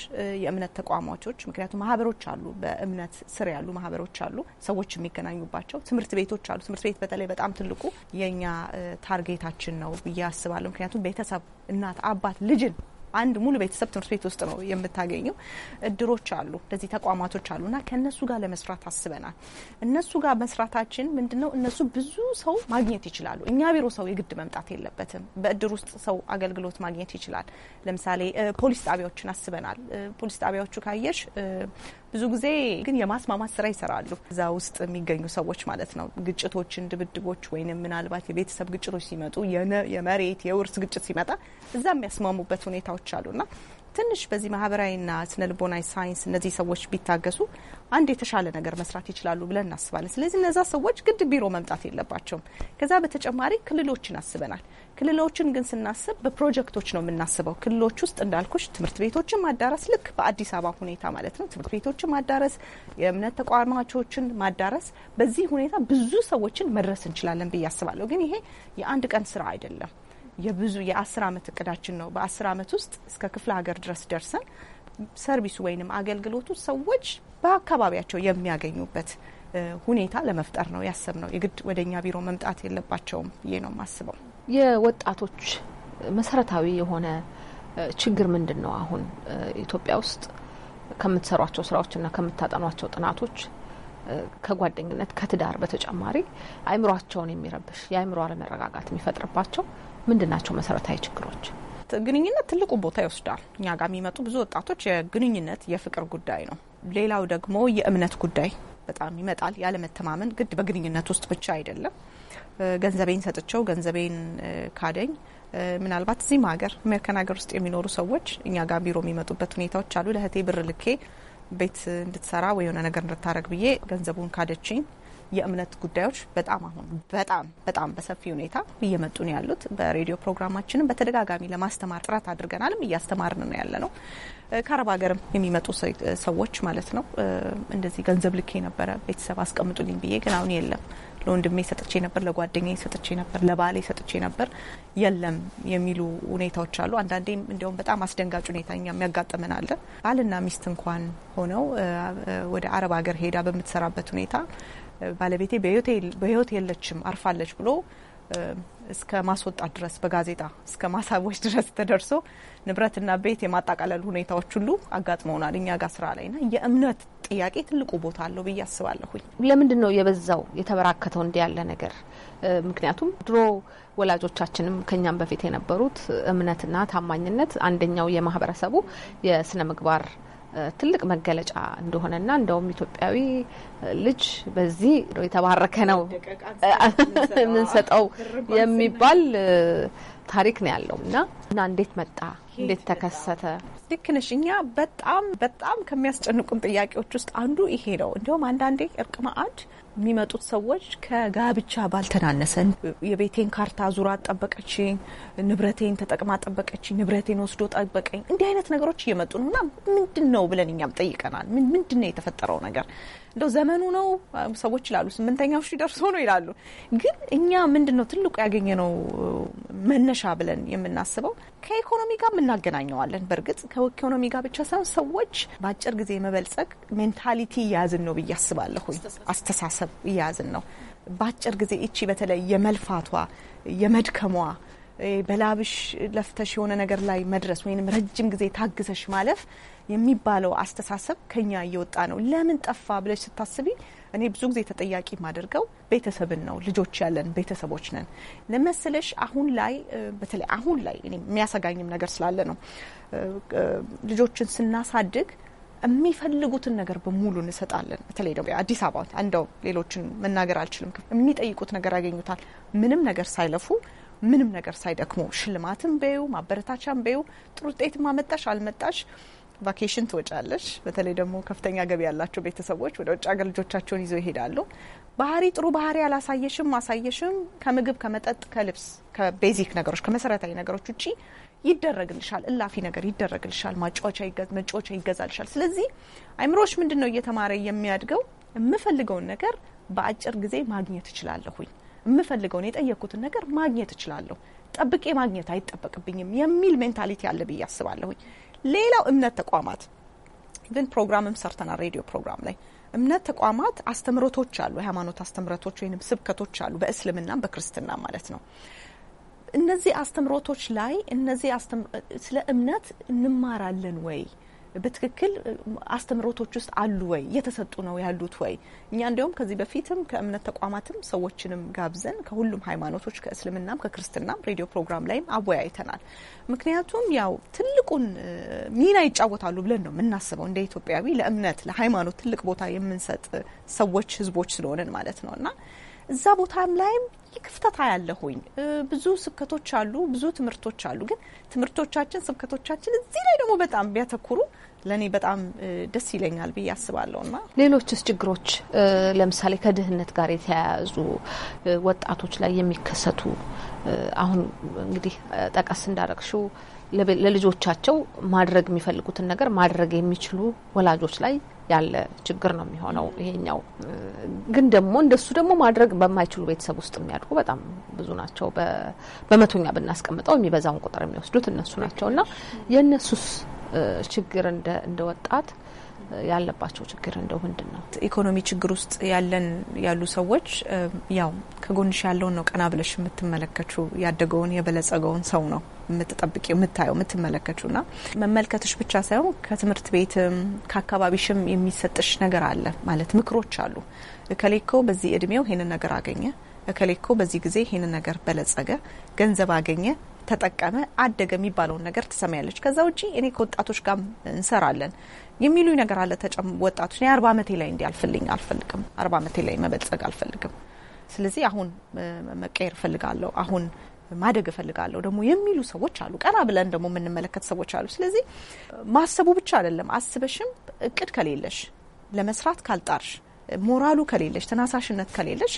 የእምነት ተቋማቶች፣ ምክንያቱም ማህበሮች አሉ። በእምነት ስር ያሉ ማህበሮች አሉ፣ ሰዎች የሚገናኙባቸው ትምህርት ቤቶች አሉ። ትምህርት ቤት በተለይ በጣም ትልቁ የኛ ታርጌታችን ነው ብዬ አስባለሁ። ምክንያቱም ቤተሰብ እናት፣ አባት ልጅን አንድ ሙሉ ቤተሰብ ትምህርት ቤት ውስጥ ነው የምታገኘው። እድሮች አሉ፣ እንደዚህ ተቋማቶች አሉና ከእነሱ ጋር ለመስራት አስበናል። እነሱ ጋር መስራታችን ምንድነው? እነሱ ብዙ ሰው ማግኘት ይችላሉ። እኛ ቢሮ ሰው የግድ መምጣት የለበትም። በእድር ውስጥ ሰው አገልግሎት ማግኘት ይችላል። ለምሳሌ ፖሊስ ጣቢያዎችን አስበናል። ፖሊስ ጣቢያዎቹ ካየሽ ብዙ ጊዜ ግን የማስማማት ስራ ይሰራሉ። እዛ ውስጥ የሚገኙ ሰዎች ማለት ነው። ግጭቶችን፣ ድብድቦች ወይም ምናልባት የቤተሰብ ግጭቶች ሲመጡ፣ የመሬት የውርስ ግጭት ሲመጣ እዛ የሚያስማሙበት ሁኔታዎች አሉና ትንሽ በዚህ ማህበራዊና ልቦናዊ ሳይንስ እነዚህ ሰዎች ቢታገሱ አንድ የተሻለ ነገር መስራት ይችላሉ ብለን እናስባለን። ስለዚህ እነዛ ሰዎች ግድ ቢሮ መምጣት የለባቸውም። ከዛ በተጨማሪ ክልሎችን አስበናል። ክልሎችን ግን ስናስብ በፕሮጀክቶች ነው የምናስበው። ክልሎች ውስጥ እንዳልኩሽ ትምህርት ቤቶችን ማዳረስ፣ ልክ በአዲስ አበባ ሁኔታ ማለት ነው። ትምህርት ቤቶችን ማዳረስ፣ የእምነት ተቋማቾችን ማዳረስ፣ በዚህ ሁኔታ ብዙ ሰዎችን መድረስ እንችላለን ብዬ አስባለሁ። ግን ይሄ የአንድ ቀን ስራ አይደለም። የብዙ የአስር አመት እቅዳችን ነው። በአስር አመት ውስጥ እስከ ክፍለ ሀገር ድረስ ደርሰን ሰርቪሱ ወይንም አገልግሎቱ ሰዎች በአካባቢያቸው የሚያገኙበት ሁኔታ ለመፍጠር ነው ያሰብ ነው። የግድ ወደ እኛ ቢሮ መምጣት የለባቸውም ብዬ ነው የማስበው። የወጣቶች መሰረታዊ የሆነ ችግር ምንድን ነው? አሁን ኢትዮጵያ ውስጥ ከምትሰሯቸው ስራዎችና ከምታጠኗቸው ጥናቶች ከጓደኝነት ከትዳር በተጨማሪ አይምሯቸውን የሚረብሽ የአእምሮ አለመረጋጋት የሚፈጥርባቸው ምንድናቸው መሰረታዊ ችግሮች? ግንኙነት ትልቁ ቦታ ይወስዳል። እኛ ጋር የሚመጡ ብዙ ወጣቶች የግንኙነት የፍቅር ጉዳይ ነው። ሌላው ደግሞ የእምነት ጉዳይ በጣም ይመጣል። ያለመተማመን ግድ በግንኙነት ውስጥ ብቻ አይደለም። ገንዘቤን ሰጥቸው ገንዘቤን ካደኝ ምናልባት እዚህም ሀገር አሜሪካን ሀገር ውስጥ የሚኖሩ ሰዎች እኛ ጋር ቢሮ የሚመጡበት ሁኔታዎች አሉ። ለህቴ ብር ልኬ ቤት እንድትሰራ ወይ የሆነ ነገር እንድታደረግ ብዬ ገንዘቡን ካደችኝ የእምነት ጉዳዮች በጣም አሁን በጣም በጣም በሰፊ ሁኔታ እየመጡ ነው ያሉት። በሬዲዮ ፕሮግራማችንም በተደጋጋሚ ለማስተማር ጥረት አድርገናልም እያስተማርን ነው ያለ ነው። ከአረብ ሀገርም የሚመጡ ሰዎች ማለት ነው። እንደዚህ ገንዘብ ልኬ ነበረ ቤተሰብ አስቀምጡልኝ ብዬ ግን አሁን የለም ለወንድሜ ሰጥቼ ነበር፣ ለጓደኛ ሰጥቼ ነበር፣ ለባሌ ሰጥቼ ነበር የለም የሚሉ ሁኔታዎች አሉ። አንዳንዴም እንዲያውም በጣም አስደንጋጭ ሁኔታ እኛ የሚያጋጥመን አለ። ባልና ሚስት እንኳን ሆነው ወደ አረብ ሀገር ሄዳ በምትሰራበት ሁኔታ ባለቤቴ በህይወት የለችም አርፋለች ብሎ እስከ ማስወጣት ድረስ በጋዜጣ እስከ ማሳቦች ድረስ ተደርሶ ንብረትና ቤት የማጠቃለል ሁኔታዎች ሁሉ አጋጥመውናል። እኛ ጋር ስራ ላይና የእምነት ጥያቄ ትልቁ ቦታ አለው ብዬ አስባለሁኝ። ለምንድን ነው የበዛው የተበራከተው እንዲህ ያለ ነገር? ምክንያቱም ድሮ ወላጆቻችንም ከኛም በፊት የነበሩት እምነትና ታማኝነት አንደኛው የማህበረሰቡ የስነ ምግባር ትልቅ መገለጫ እንደሆነና እንደውም ኢትዮጵያዊ ልጅ በዚህ የተባረከ ነው የምንሰጠው የሚባል ታሪክ ነው ያለው እና እና እንዴት መጣ እንዴት ተከሰተ? ልክ ነሽ። እኛ በጣም በጣም ከሚያስጨንቁን ጥያቄዎች ውስጥ አንዱ ይሄ ነው። እንዲሁም አንዳንዴ እርቅ ማዕድ የሚመጡት ሰዎች ከጋብቻ ባልተናነሰን የቤቴን ካርታ ዙራ ጠበቀችኝ፣ ንብረቴን ተጠቅማ ጠበቀችኝ፣ ንብረቴን ወስዶ ጠበቀኝ። እንዲህ አይነት ነገሮች እየመጡ ነው እና ምንድን ነው ብለን እኛም ጠይቀናል። ምንድን ነው የተፈጠረው ነገር? እንደው ዘመኑ ነው ሰዎች ይላሉ፣ ስምንተኛው ሺ ደርሶ ነው ይላሉ። ግን እኛ ምንድን ነው ትልቁ ያገኘ ነው መነሻ ብለን የምናስበው ከኢኮኖሚ ጋር የምናገናኘዋለን። በእርግጥ ከኢኮኖሚ ጋር ብቻ ሳይሆን ሰዎች በአጭር ጊዜ መበልጸግ ሜንታሊቲ እያያዝን ነው ብዬ አስባለሁኝ። አስተሳሰብ እያያዝን ነው በአጭር ጊዜ እቺ በተለይ የመልፋቷ የመድከሟ በላብሽ ለፍተሽ የሆነ ነገር ላይ መድረስ ወይም ረጅም ጊዜ ታግሰሽ ማለፍ የሚባለው አስተሳሰብ ከኛ እየወጣ ነው። ለምን ጠፋ ብለሽ ስታስቢ እኔ ብዙ ጊዜ ተጠያቂ የማደርገው ቤተሰብን ነው። ልጆች ያለን ቤተሰቦች ነን ለመሰለሽ። አሁን ላይ በተለይ አሁን ላይ እኔ የሚያሰጋኝም ነገር ስላለ ነው። ልጆችን ስናሳድግ የሚፈልጉትን ነገር በሙሉ እንሰጣለን። በተለይ ደግሞ አዲስ አበባ እንደው ሌሎችን መናገር አልችልም። የሚጠይቁት ነገር ያገኙታል፣ ምንም ነገር ሳይለፉ ምንም ነገር ሳይደክሙ። ሽልማትም በዩ ማበረታቻም በዩ ጥሩ ውጤት ማመጣሽ አልመጣሽ ቫኬሽን ትወጫለሽ። በተለይ ደግሞ ከፍተኛ ገቢ ያላቸው ቤተሰቦች ወደ ውጭ ሀገር ልጆቻቸውን ይዘው ይሄዳሉ። ባህሪ ጥሩ ባህሪ አላሳየሽም አሳየሽም ከምግብ፣ ከመጠጥ፣ ከልብስ፣ ከቤዚክ ነገሮች ከመሰረታዊ ነገሮች ውጪ ይደረግልሻል። እላፊ ነገር ይደረግልሻል። መጫወቻ ይገዛልሻል። ስለዚህ አይምሮች ምንድን ነው እየተማረ የሚያድገው የምፈልገውን ነገር በአጭር ጊዜ ማግኘት እችላለሁኝ፣ የምፈልገውን የጠየኩትን ነገር ማግኘት እችላለሁ፣ ጠብቄ ማግኘት አይጠበቅብኝም የሚል ሜንታሊቲ አለ ብዬ አስባለሁኝ። ሌላው እምነት ተቋማት ግን ፕሮግራምም ሰርተናል። ሬዲዮ ፕሮግራም ላይ እምነት ተቋማት አስተምሮቶች አሉ፣ የሃይማኖት አስተምረቶች ወይም ስብከቶች አሉ፣ በእስልምናም በክርስትና ማለት ነው። እነዚህ አስተምሮቶች ላይ እነዚህ ስለ እምነት እንማራለን ወይ በትክክል አስተምሮቶች ውስጥ አሉ ወይ እየተሰጡ ነው ያሉት ወይ? እኛ እንዲሁም ከዚህ በፊትም ከእምነት ተቋማትም ሰዎችንም ጋብዘን ከሁሉም ሃይማኖቶች ከእስልምናም ከክርስትናም ሬዲዮ ፕሮግራም ላይም አወያይተናል። ምክንያቱም ያው ትልቁን ሚና ይጫወታሉ ብለን ነው የምናስበው እንደ ኢትዮጵያዊ ለእምነት ለሃይማኖት ትልቅ ቦታ የምንሰጥ ሰዎች ህዝቦች ስለሆንን ማለት ነው እና እዛ ቦታም ላይም ክፍተት ያለሁኝ ብዙ ስብከቶች አሉ፣ ብዙ ትምህርቶች አሉ። ግን ትምህርቶቻችን፣ ስብከቶቻችን እዚህ ላይ ደግሞ በጣም ቢያተኩሩ ለእኔ በጣም ደስ ይለኛል ብዬ አስባለሁ። ና ሌሎችስ ችግሮች ለምሳሌ ከድህነት ጋር የተያያዙ ወጣቶች ላይ የሚከሰቱ አሁን እንግዲህ ጠቀስ እንዳረግሽው ለልጆቻቸው ማድረግ የሚፈልጉትን ነገር ማድረግ የሚችሉ ወላጆች ላይ ያለ ችግር ነው የሚሆነው ይሄኛው። ግን ደግሞ እንደሱ ደግሞ ማድረግ በማይችሉ ቤተሰብ ውስጥ የሚያድጉ በጣም ብዙ ናቸው። በመቶኛ ብናስቀምጠው የሚበዛውን ቁጥር የሚወስዱት እነሱ ናቸው እና የእነሱስ ችግር እንደ ወጣት ያለባቸው ችግር እንደው ምንድን ነው? ኢኮኖሚ ችግር ውስጥ ያለን ያሉ ሰዎች ያው ከጎንሽ ያለውን ነው ቀና ብለሽ የምትመለከቹ ያደገውን የበለጸገውን ሰው ነው የምትጠብቂ የምታየው የምትመለከቹ ና መመልከትሽ ብቻ ሳይሆን ከትምህርት ቤትም ከአካባቢሽም የሚሰጥሽ ነገር አለ ማለት ምክሮች አሉ። እከሌኮ በዚህ እድሜው ይሄንን ነገር አገኘ፣ እከሌኮ በዚህ ጊዜ ይሄንን ነገር በለጸገ፣ ገንዘብ አገኘ ተጠቀመ፣ አደገ የሚባለውን ነገር ትሰማያለች። ከዛ ውጪ እኔ ከወጣቶች ጋር እንሰራለን የሚሉ ነገር አለ። ወጣቶች እኔ አርባ አመቴ ላይ እንዲያልፍልኝ አልፈልግም። አርባ አመቴ ላይ መበልጸግ አልፈልግም። ስለዚህ አሁን መቀየር እፈልጋለሁ፣ አሁን ማደግ እፈልጋለሁ ደግሞ የሚሉ ሰዎች አሉ። ቀና ብለን ደግሞ የምንመለከት ሰዎች አሉ። ስለዚህ ማሰቡ ብቻ አይደለም። አስበሽም እቅድ ከሌለሽ፣ ለመስራት ካልጣርሽ፣ ሞራሉ ከሌለሽ፣ ተናሳሽነት ከሌለሽ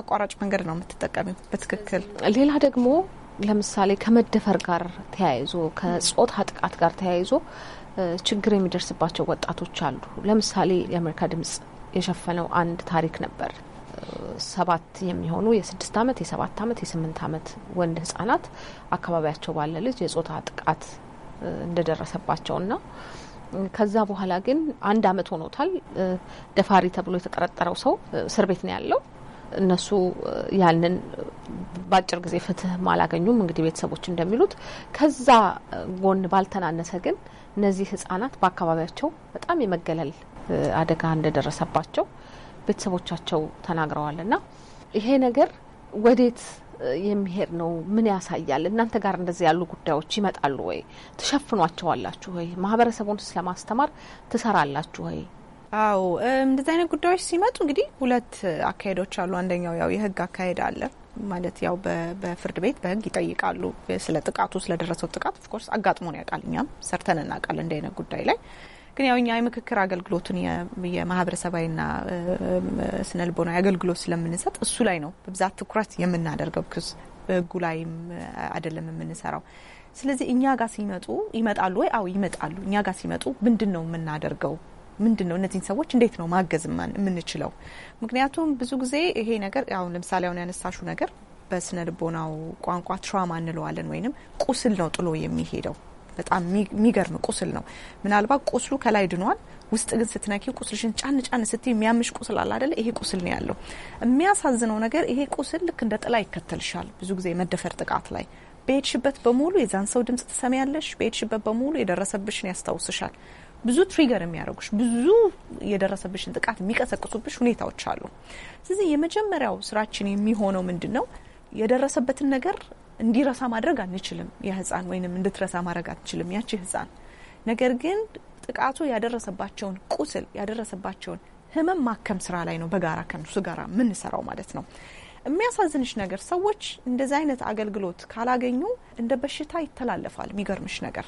አቋራጭ መንገድ ነው የምትጠቀሚው። በትክክል ሌላ ደግሞ ለምሳሌ ከመደፈር ጋር ተያይዞ ከጾታ ጥቃት ጋር ተያይዞ ችግር የሚደርስባቸው ወጣቶች አሉ። ለምሳሌ የአሜሪካ ድምጽ የሸፈነው አንድ ታሪክ ነበር። ሰባት የሚሆኑ የስድስት አመት የሰባት አመት የስምንት አመት ወንድ ህጻናት አካባቢያቸው ባለ ልጅ የጾታ ጥቃት እንደደረሰባቸውና ከዛ በኋላ ግን አንድ አመት ሆኖታል። ደፋሪ ተብሎ የተጠረጠረው ሰው እስር ቤት ነው ያለው። እነሱ ያንን በአጭር ጊዜ ፍትህ አላገኙም። እንግዲህ ቤተሰቦች እንደሚሉት ከዛ ጎን ባልተናነሰ ግን እነዚህ ህጻናት በአካባቢያቸው በጣም የመገለል አደጋ እንደደረሰባቸው ቤተሰቦቻቸው ተናግረዋል። እና ይሄ ነገር ወዴት የሚሄድ ነው? ምን ያሳያል? እናንተ ጋር እንደዚህ ያሉ ጉዳዮች ይመጣሉ ወይ? ትሸፍኗቸዋላችሁ ወይ? ማህበረሰቡን ስለማስተማር ትሰራላችሁ ወይ? አዎ እንደዚህ አይነት ጉዳዮች ሲመጡ እንግዲህ ሁለት አካሄዶች አሉ። አንደኛው ያው የህግ አካሄድ አለ ማለት ያው በፍርድ ቤት በህግ ይጠይቃሉ። ስለ ጥቃቱ ስለደረሰው ጥቃት ኦፍኮርስ አጋጥሞን ያውቃል። እኛም ሰርተን እናውቃል እንዲህ አይነት ጉዳይ ላይ ግን ያው እኛ የምክክር አገልግሎቱን የማህበረሰባዊና ስነልቦና አገልግሎት ስለምንሰጥ እሱ ላይ ነው በብዛት ትኩረት የምናደርገው። ክስ በህጉ ላይም አይደለም የምንሰራው። ስለዚህ እኛ ጋር ሲመጡ ይመጣሉ ወይ? አዎ ይመጣሉ። እኛ ጋር ሲመጡ ምንድን ነው የምናደርገው ምንድን ነው እነዚህን ሰዎች እንዴት ነው ማገዝ የምንችለው? ምክንያቱም ብዙ ጊዜ ይሄ ነገር አሁን ለምሳሌ አሁን ያነሳሹ ነገር በስነ ልቦናው ቋንቋ ትራማ እንለዋለን ወይንም ቁስል ነው ጥሎ የሚሄደው በጣም የሚገርም ቁስል ነው። ምናልባት ቁስሉ ከላይ ድኗል፣ ውስጥ ግን ስትነኪ ቁስልሽን ጫን ጫን ስት የሚያምሽ ቁስል አለ አደለ? ይሄ ቁስል ነው ያለው። የሚያሳዝነው ነገር ይሄ ቁስል ልክ እንደ ጥላ ይከተልሻል። ብዙ ጊዜ መደፈር ጥቃት ላይ በሄድሽበት በሙሉ የዛን ሰው ድምጽ ትሰሚያለሽ። በሄድሽበት በሙሉ የደረሰብሽን ያስታውስሻል። ብዙ ትሪገር የሚያደርጉሽ ብዙ የደረሰብሽን ጥቃት የሚቀሰቅሱብሽ ሁኔታዎች አሉ። ስለዚህ የመጀመሪያው ስራችን የሚሆነው ምንድን ነው? የደረሰበትን ነገር እንዲረሳ ማድረግ አንችልም። የህፃን ወይንም እንድትረሳ ማድረግ አንችልም ያቺ ህፃን። ነገር ግን ጥቃቱ ያደረሰባቸውን ቁስል ያደረሰባቸውን ህመም ማከም ስራ ላይ ነው በጋራ ከነሱ ጋራ የምንሰራው ማለት ነው። የሚያሳዝንሽ ነገር ሰዎች እንደዚህ አይነት አገልግሎት ካላገኙ እንደ በሽታ ይተላለፋል። የሚገርምሽ ነገር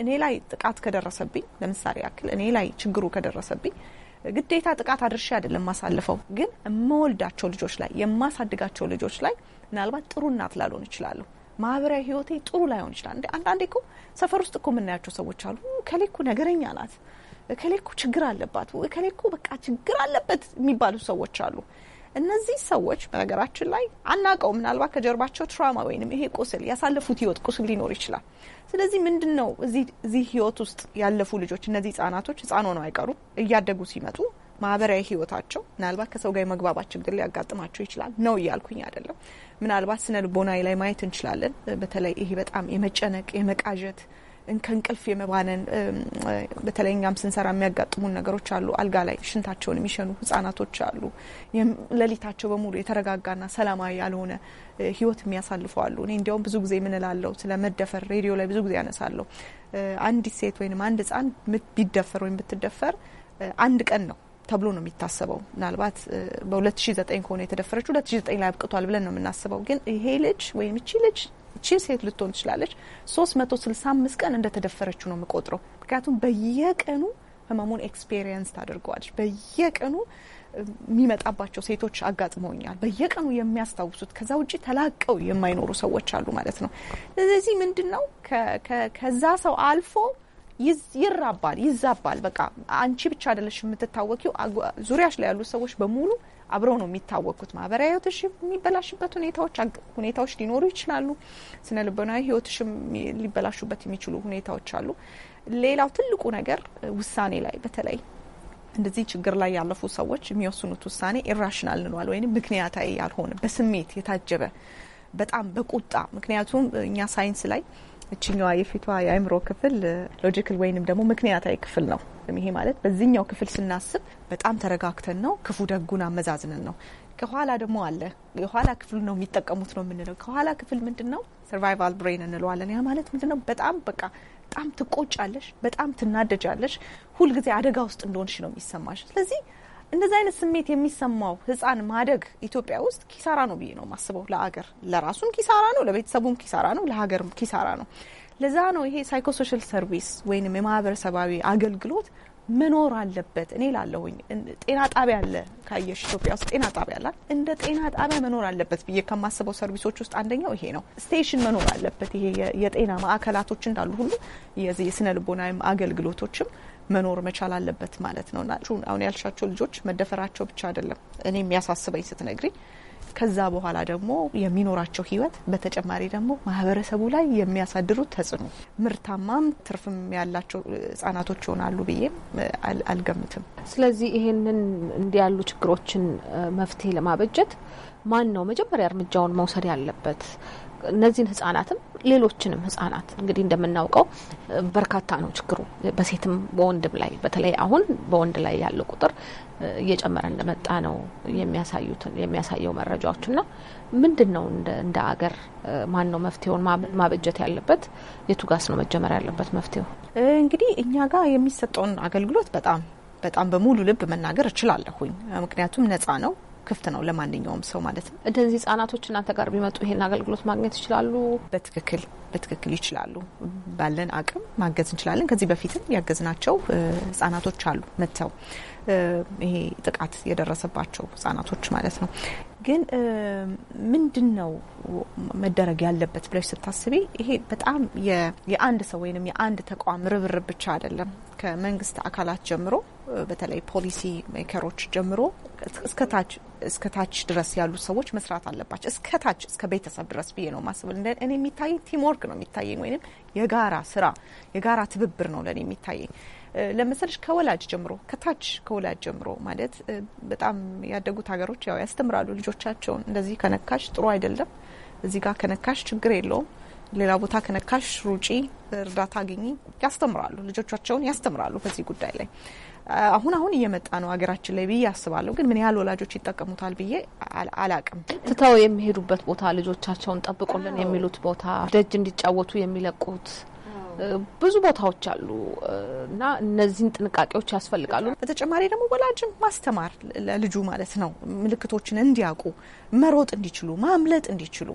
እኔ ላይ ጥቃት ከደረሰብኝ ለምሳሌ ያክል እኔ ላይ ችግሩ ከደረሰብኝ ግዴታ ጥቃት አድርሼ አይደለም ማሳልፈው፣ ግን የምወልዳቸው ልጆች ላይ የማሳድጋቸው ልጆች ላይ ምናልባት ጥሩ እናት ላልሆን ይችላሉ። ማህበራዊ ህይወቴ ጥሩ ላይሆን ይችላል። እንደ አንዳንዴ እኮ ሰፈር ውስጥ እኮ የምናያቸው ሰዎች አሉ። ከሌኩ ነገረኛ ናት፣ ከሌኩ ችግር አለባት፣ ከሌኩ በቃ ችግር አለበት የሚባሉ ሰዎች አሉ። እነዚህ ሰዎች በነገራችን ላይ አናቀው ምናልባት ከጀርባቸው ትራውማ ወይም ይሄ ቁስል ያሳለፉት ህይወት ቁስል ሊኖር ይችላል። ስለዚህ ምንድን ነው እዚህ ህይወት ውስጥ ያለፉ ልጆች እነዚህ ህጻናቶች ህጻኖ ነው አይቀሩ እያደጉ ሲመጡ ማህበራዊ ህይወታቸው ምናልባት ከሰው ጋር የመግባባት ችግር ሊያጋጥማቸው ይችላል። ነው እያልኩኝ አይደለም። ምናልባት ስነ ልቦናዊ ላይ ማየት እንችላለን። በተለይ ይሄ በጣም የመጨነቅ የመቃዠት ከእንቅልፍ የመባነን በተለይ እኛም ስንሰራ የሚያጋጥሙን ነገሮች አሉ። አልጋ ላይ ሽንታቸውን የሚሸኑ ህጻናቶች አሉ። ሌሊታቸው በሙሉ የተረጋጋና ሰላማዊ ያልሆነ ህይወት የሚያሳልፉ አሉ። እኔ እንዲያውም ብዙ ጊዜ ምንላለው ስለ መደፈር ሬዲዮ ላይ ብዙ ጊዜ ያነሳለሁ። አንዲት ሴት ወይም አንድ ህጻን ቢደፈር ወይም ብትደፈር አንድ ቀን ነው ተብሎ ነው የሚታሰበው። ምናልባት በ2009 ከሆነ የተደፈረች 2009 ላይ አብቅቷል ብለን ነው የምናስበው። ግን ይሄ ልጅ ወይም እቺ ልጅ እቺ ሴት ልትሆን ትችላለች። ሶስት መቶ ስልሳ አምስት ቀን እንደተደፈረችው ነው የምቆጥረው። ምክንያቱም በየቀኑ ህመሙን ኤክስፔሪየንስ ታደርገዋለች። በየቀኑ የሚመጣባቸው ሴቶች አጋጥመውኛል። በየቀኑ የሚያስታውሱት ከዛ ውጭ ተላቀው የማይኖሩ ሰዎች አሉ ማለት ነው። ስለዚህ ምንድን ነው ከዛ ሰው አልፎ ይራባል፣ ይዛባል። በቃ አንቺ ብቻ አይደለሽ የምትታወቂው፣ ዙሪያሽ ላይ ያሉ ሰዎች በሙሉ አብረው ነው የሚታወቁት። ማህበራዊ ህይወትሽ የሚበላሽበት ሁኔታዎች ሁኔታዎች ሊኖሩ ይችላሉ። ስነ ልቦናዊ ህይወትሽም ሊበላሹበት የሚችሉ ሁኔታዎች አሉ። ሌላው ትልቁ ነገር ውሳኔ ላይ በተለይ እንደዚህ ችግር ላይ ያለፉ ሰዎች የሚወስኑት ውሳኔ ኢራሽናል ንሏል ወይም ምክንያታዊ ያልሆነ በስሜት የታጀበ በጣም በቁጣ ምክንያቱም እኛ ሳይንስ ላይ እችኛዋ የፊቷ የአእምሮ ክፍል ሎጂካል ወይንም ደግሞ ምክንያታዊ ክፍል ነው። ይሄ ማለት በዚህኛው ክፍል ስናስብ በጣም ተረጋግተን ነው፣ ክፉ ደጉን አመዛዝንን ነው። ከኋላ ደግሞ አለ። የኋላ ክፍሉ ነው የሚጠቀሙት ነው የምንለው። ከኋላ ክፍል ምንድን ነው? ሰርቫይቫል ብሬን እንለዋለን። ያ ማለት ምንድን ነው? በጣም በቃ በጣም ትቆጫለሽ፣ በጣም ትናደጃለሽ፣ ሁልጊዜ አደጋ ውስጥ እንደሆንሽ ነው የሚሰማሽ። ስለዚህ እንደዚህ አይነት ስሜት የሚሰማው ህጻን ማደግ ኢትዮጵያ ውስጥ ኪሳራ ነው ብዬ ነው የማስበው። ለአገር ለራሱም ኪሳራ ነው፣ ለቤተሰቡም ኪሳራ ነው፣ ለሀገርም ኪሳራ ነው። ለዛ ነው ይሄ ሳይኮሶሻል ሰርቪስ ወይንም የማህበረሰባዊ አገልግሎት መኖር አለበት። እኔ ላለሁኝ ጤና ጣቢያ አለ። ካየሽ ኢትዮጵያ ውስጥ ጤና ጣቢያ አላት። እንደ ጤና ጣቢያ መኖር አለበት ብዬ ከማስበው ሰርቪሶች ውስጥ አንደኛው ይሄ ነው። ስቴሽን መኖር አለበት። ይሄ የጤና ማዕከላቶች እንዳሉ ሁሉ የዚህ የስነ ልቦናዊም አገልግሎቶችም መኖር መቻል አለበት ማለት ነው አሁን ያልሻቸው ልጆች መደፈራቸው ብቻ አይደለም እኔ የሚያሳስበኝ ስትነግሪኝ ከዛ በኋላ ደግሞ የሚኖራቸው ህይወት በተጨማሪ ደግሞ ማህበረሰቡ ላይ የሚያሳድሩት ተጽዕኖ ምርታማም ትርፍም ያላቸው ህጻናቶች ይሆናሉ ብዬም አልገምትም። ስለዚህ ይሄንን እንዲህ ያሉ ችግሮችን መፍትሄ ለማበጀት ማን ነው መጀመሪያ እርምጃውን መውሰድ ያለበት? እነዚህን ህጻናትም ሌሎችንም ህጻናት እንግዲህ እንደምናውቀው በርካታ ነው ችግሩ በሴትም በወንድም ላይ በተለይ አሁን በወንድ ላይ ያለው ቁጥር እየጨመረ እንደመጣ ነው የሚያሳዩትን የሚያሳየው መረጃዎች ና ምንድን ነው እንደ አገር ማን ነው መፍትሄውን ማበጀት ያለበት? የቱጋስ ነው መጀመር ያለበት መፍትሄው? እንግዲህ እኛ ጋር የሚሰጠውን አገልግሎት በጣም በጣም በሙሉ ልብ መናገር እችላለሁኝ። ምክንያቱም ነጻ ነው ክፍት ነው ለማንኛውም ሰው ማለት ነው። እነዚህ ህጻናቶች እናንተ ጋር ቢመጡ ይሄን አገልግሎት ማግኘት ይችላሉ። በትክክል በትክክል ይችላሉ። ባለን አቅም ማገዝ እንችላለን። ከዚህ በፊትም ያገዝናቸው ህጻናቶች አሉ መጥተው ይሄ ጥቃት የደረሰባቸው ህጻናቶች ማለት ነው። ግን ምንድን ነው መደረግ ያለበት ብለሽ ስታስቢ ይሄ በጣም የአንድ ሰው ወይም የአንድ ተቋም ርብርብ ብቻ አይደለም። ከመንግስት አካላት ጀምሮ በተለይ ፖሊሲ ሜከሮች ጀምሮ እስከታች እስከታች ድረስ ያሉ ሰዎች መስራት አለባቸው። እስከታች እስከ ቤተሰብ ድረስ ብዬ ነው ማስብ። እኔ የሚታየኝ ቲምወርክ ነው የሚታየኝ፣ ወይም የጋራ ስራ የጋራ ትብብር ነው ለእኔ የሚታየኝ ለመሰልሽ ከወላጅ ጀምሮ ከታች ከወላጅ ጀምሮ ማለት በጣም ያደጉት ሀገሮች ያው ያስተምራሉ ልጆቻቸውን እንደዚህ ከነካሽ ጥሩ አይደለም፣ እዚህ ጋር ከነካሽ ችግር የለውም፣ ሌላ ቦታ ከነካሽ ሩጪ፣ እርዳታ አግኝ ያስተምራሉ፣ ልጆቻቸውን ያስተምራሉ በዚህ ጉዳይ ላይ አሁን አሁን እየመጣ ነው ሀገራችን ላይ ብዬ አስባለሁ። ግን ምን ያህል ወላጆች ይጠቀሙታል ብዬ አላቅም። ትተው የሚሄዱበት ቦታ ልጆቻቸውን ጠብቁልን የሚሉት ቦታ፣ ደጅ እንዲጫወቱ የሚለቁት ብዙ ቦታዎች አሉ እና እነዚህን ጥንቃቄዎች ያስፈልጋሉ። በተጨማሪ ደግሞ ወላጅም ማስተማር ለልጁ ማለት ነው ምልክቶችን እንዲያውቁ መሮጥ እንዲችሉ፣ ማምለጥ እንዲችሉ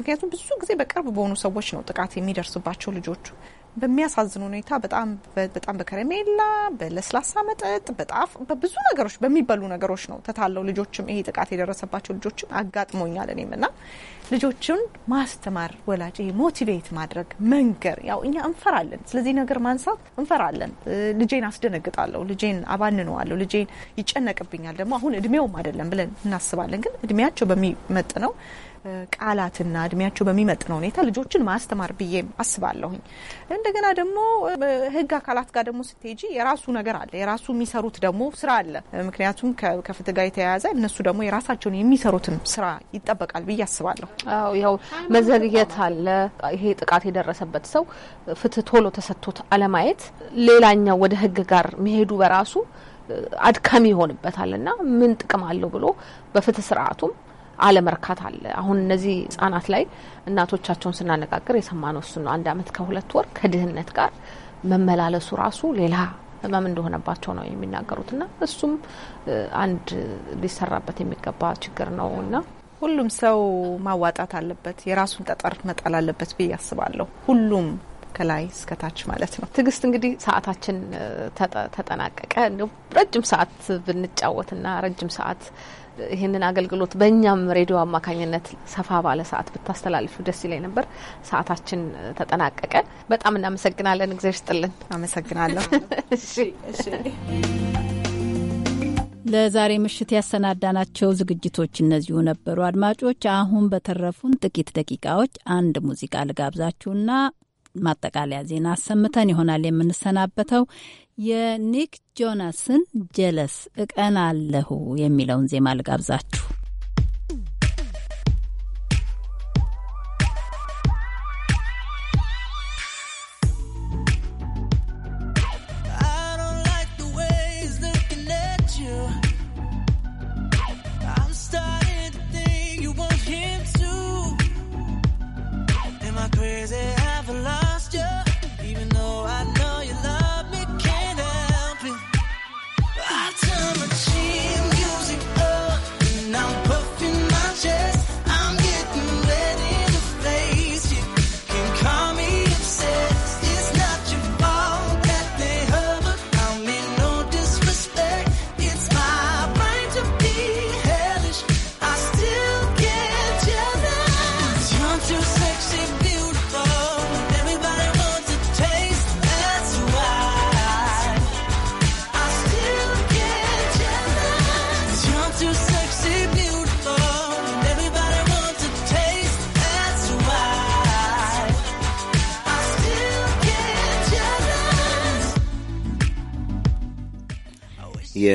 ምክንያቱም ብዙ ጊዜ በቅርብ በሆኑ ሰዎች ነው ጥቃት የሚደርስባቸው ልጆቹ በሚያሳዝን ሁኔታ በጣም በጣም በከረሜላ በለስላሳ መጠጥ በጣፍ በብዙ ነገሮች በሚበሉ ነገሮች ነው ተታለው ልጆችም ይሄ ጥቃት የደረሰባቸው ልጆችም አጋጥሞኛል። እኔም ና ልጆችን ማስተማር ወላጅ ሞቲቬት ማድረግ መንገር፣ ያው እኛ እንፈራለን፣ ስለዚህ ነገር ማንሳት እንፈራለን። ልጄን አስደነግጣለሁ፣ ልጄን አባንነዋለሁ፣ ልጄን ይጨነቅብኛል፣ ደግሞ አሁን እድሜውም አይደለም ብለን እናስባለን። ግን እድሜያቸው በሚመጥ ነው ቃላትና እድሜያቸው በሚመጥነው ሁኔታ ልጆችን ማስተማር ብዬ አስባለሁኝ። እንደገና ደግሞ ህግ አካላት ጋር ደግሞ ስትሄጂ የራሱ ነገር አለ፣ የራሱ የሚሰሩት ደግሞ ስራ አለ። ምክንያቱም ከፍትህ ጋር የተያያዘ እነሱ ደግሞ የራሳቸውን የሚሰሩትን ስራ ይጠበቃል ብዬ አስባለሁ። ያው መዘግየት አለ። ይሄ ጥቃት የደረሰበት ሰው ፍትህ ቶሎ ተሰጥቶት አለማየት፣ ሌላኛው ወደ ህግ ጋር መሄዱ በራሱ አድካሚ ይሆንበታል እና ምን ጥቅም አለው ብሎ በፍትህ ስርዓቱም አለመርካት አለ። አሁን እነዚህ ህጻናት ላይ እናቶቻቸውን ስናነጋግር የሰማነው እሱ ነው። አንድ አመት ከሁለት ወር ከድህነት ጋር መመላለሱ ራሱ ሌላ ህመም እንደሆነባቸው ነው የሚናገሩትና እሱም አንድ ሊሰራበት የሚገባ ችግር ነው እና ሁሉም ሰው ማዋጣት አለበት፣ የራሱን ጠጠር መጣል አለበት ብዬ አስባለሁ። ሁሉም ከላይ እስከታች ማለት ነው። ትግስት፣ እንግዲህ ሰዓታችን ተጠናቀቀ። ረጅም ሰዓት ብንጫወትና ረጅም ሰዓት ይህንን አገልግሎት በእኛም ሬዲዮ አማካኝነት ሰፋ ባለ ሰዓት ብታስተላልፉ ደስ ይለኝ ነበር። ሰዓታችን ተጠናቀቀ። በጣም እናመሰግናለን። እግዚአብሔር ስጥልን። አመሰግናለሁ። ለዛሬ ምሽት ያሰናዳናቸው ዝግጅቶች እነዚሁ ነበሩ። አድማጮች፣ አሁን በተረፉን ጥቂት ደቂቃዎች አንድ ሙዚቃ ልጋብዛችሁና ማጠቃለያ ዜና አሰምተን ይሆናል የምንሰናበተው። የኒክ ጆናስን ጀለስ እቀናለሁ የሚለውን ዜማ ልጋብዛችሁ።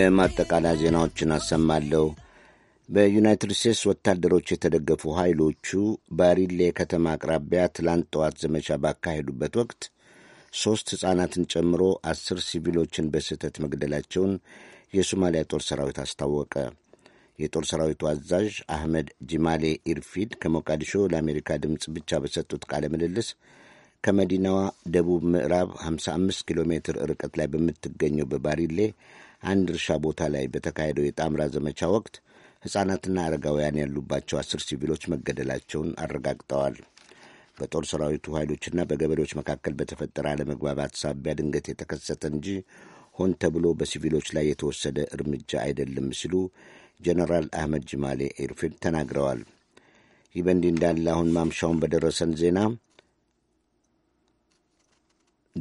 የማጠቃለያ ዜናዎችን አሰማለሁ። በዩናይትድ ስቴትስ ወታደሮች የተደገፉ ኃይሎቹ ባሪሌ ከተማ አቅራቢያ ትላንት ጠዋት ዘመቻ ባካሄዱበት ወቅት ሦስት ሕፃናትን ጨምሮ አስር ሲቪሎችን በስህተት መግደላቸውን የሶማሊያ ጦር ሰራዊት አስታወቀ። የጦር ሰራዊቱ አዛዥ አህመድ ጂማሌ ኢርፊድ ከሞቃዲሾ ለአሜሪካ ድምፅ ብቻ በሰጡት ቃለ ምልልስ ከመዲናዋ ደቡብ ምዕራብ 55 ኪሎ ሜትር ርቀት ላይ በምትገኘው በባሪሌ አንድ እርሻ ቦታ ላይ በተካሄደው የጣምራ ዘመቻ ወቅት ሕፃናትና አረጋውያን ያሉባቸው አስር ሲቪሎች መገደላቸውን አረጋግጠዋል። በጦር ሰራዊቱ ኃይሎችና በገበሬዎች መካከል በተፈጠረ አለመግባባት ሳቢያ ድንገት የተከሰተ እንጂ ሆን ተብሎ በሲቪሎች ላይ የተወሰደ እርምጃ አይደለም ሲሉ ጀነራል አህመድ ጅማሌ ኤርፌድ ተናግረዋል። ይህ በእንዲህ እንዳለ አሁን ማምሻውን በደረሰን ዜና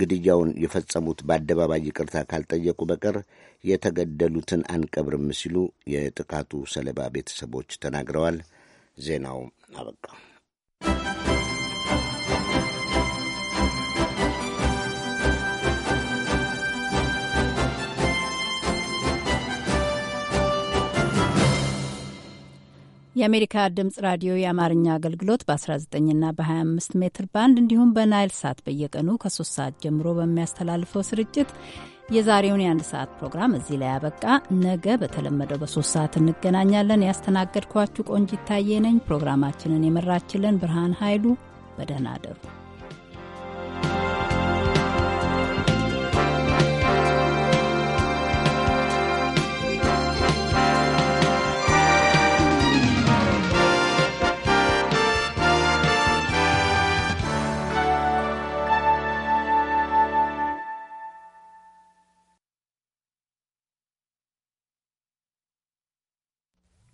ግድያውን የፈጸሙት በአደባባይ ይቅርታ ካልጠየቁ በቀር የተገደሉትን አንቀብርም ሲሉ የጥቃቱ ሰለባ ቤተሰቦች ተናግረዋል። ዜናው አበቃ። የአሜሪካ ድምጽ ራዲዮ የአማርኛ አገልግሎት በ19ና በ25 ሜትር ባንድ እንዲሁም በናይል ሳት በየቀኑ ከሶስት ሰዓት ጀምሮ በሚያስተላልፈው ስርጭት የዛሬውን የአንድ ሰዓት ፕሮግራም እዚህ ላይ ያበቃ። ነገ በተለመደው በሶስት ሰዓት እንገናኛለን። ያስተናገድኳችሁ ቆንጂት ታዬ ነኝ። ፕሮግራማችንን የመራችልን ብርሃን ኃይሉ። በደህና አደሩ።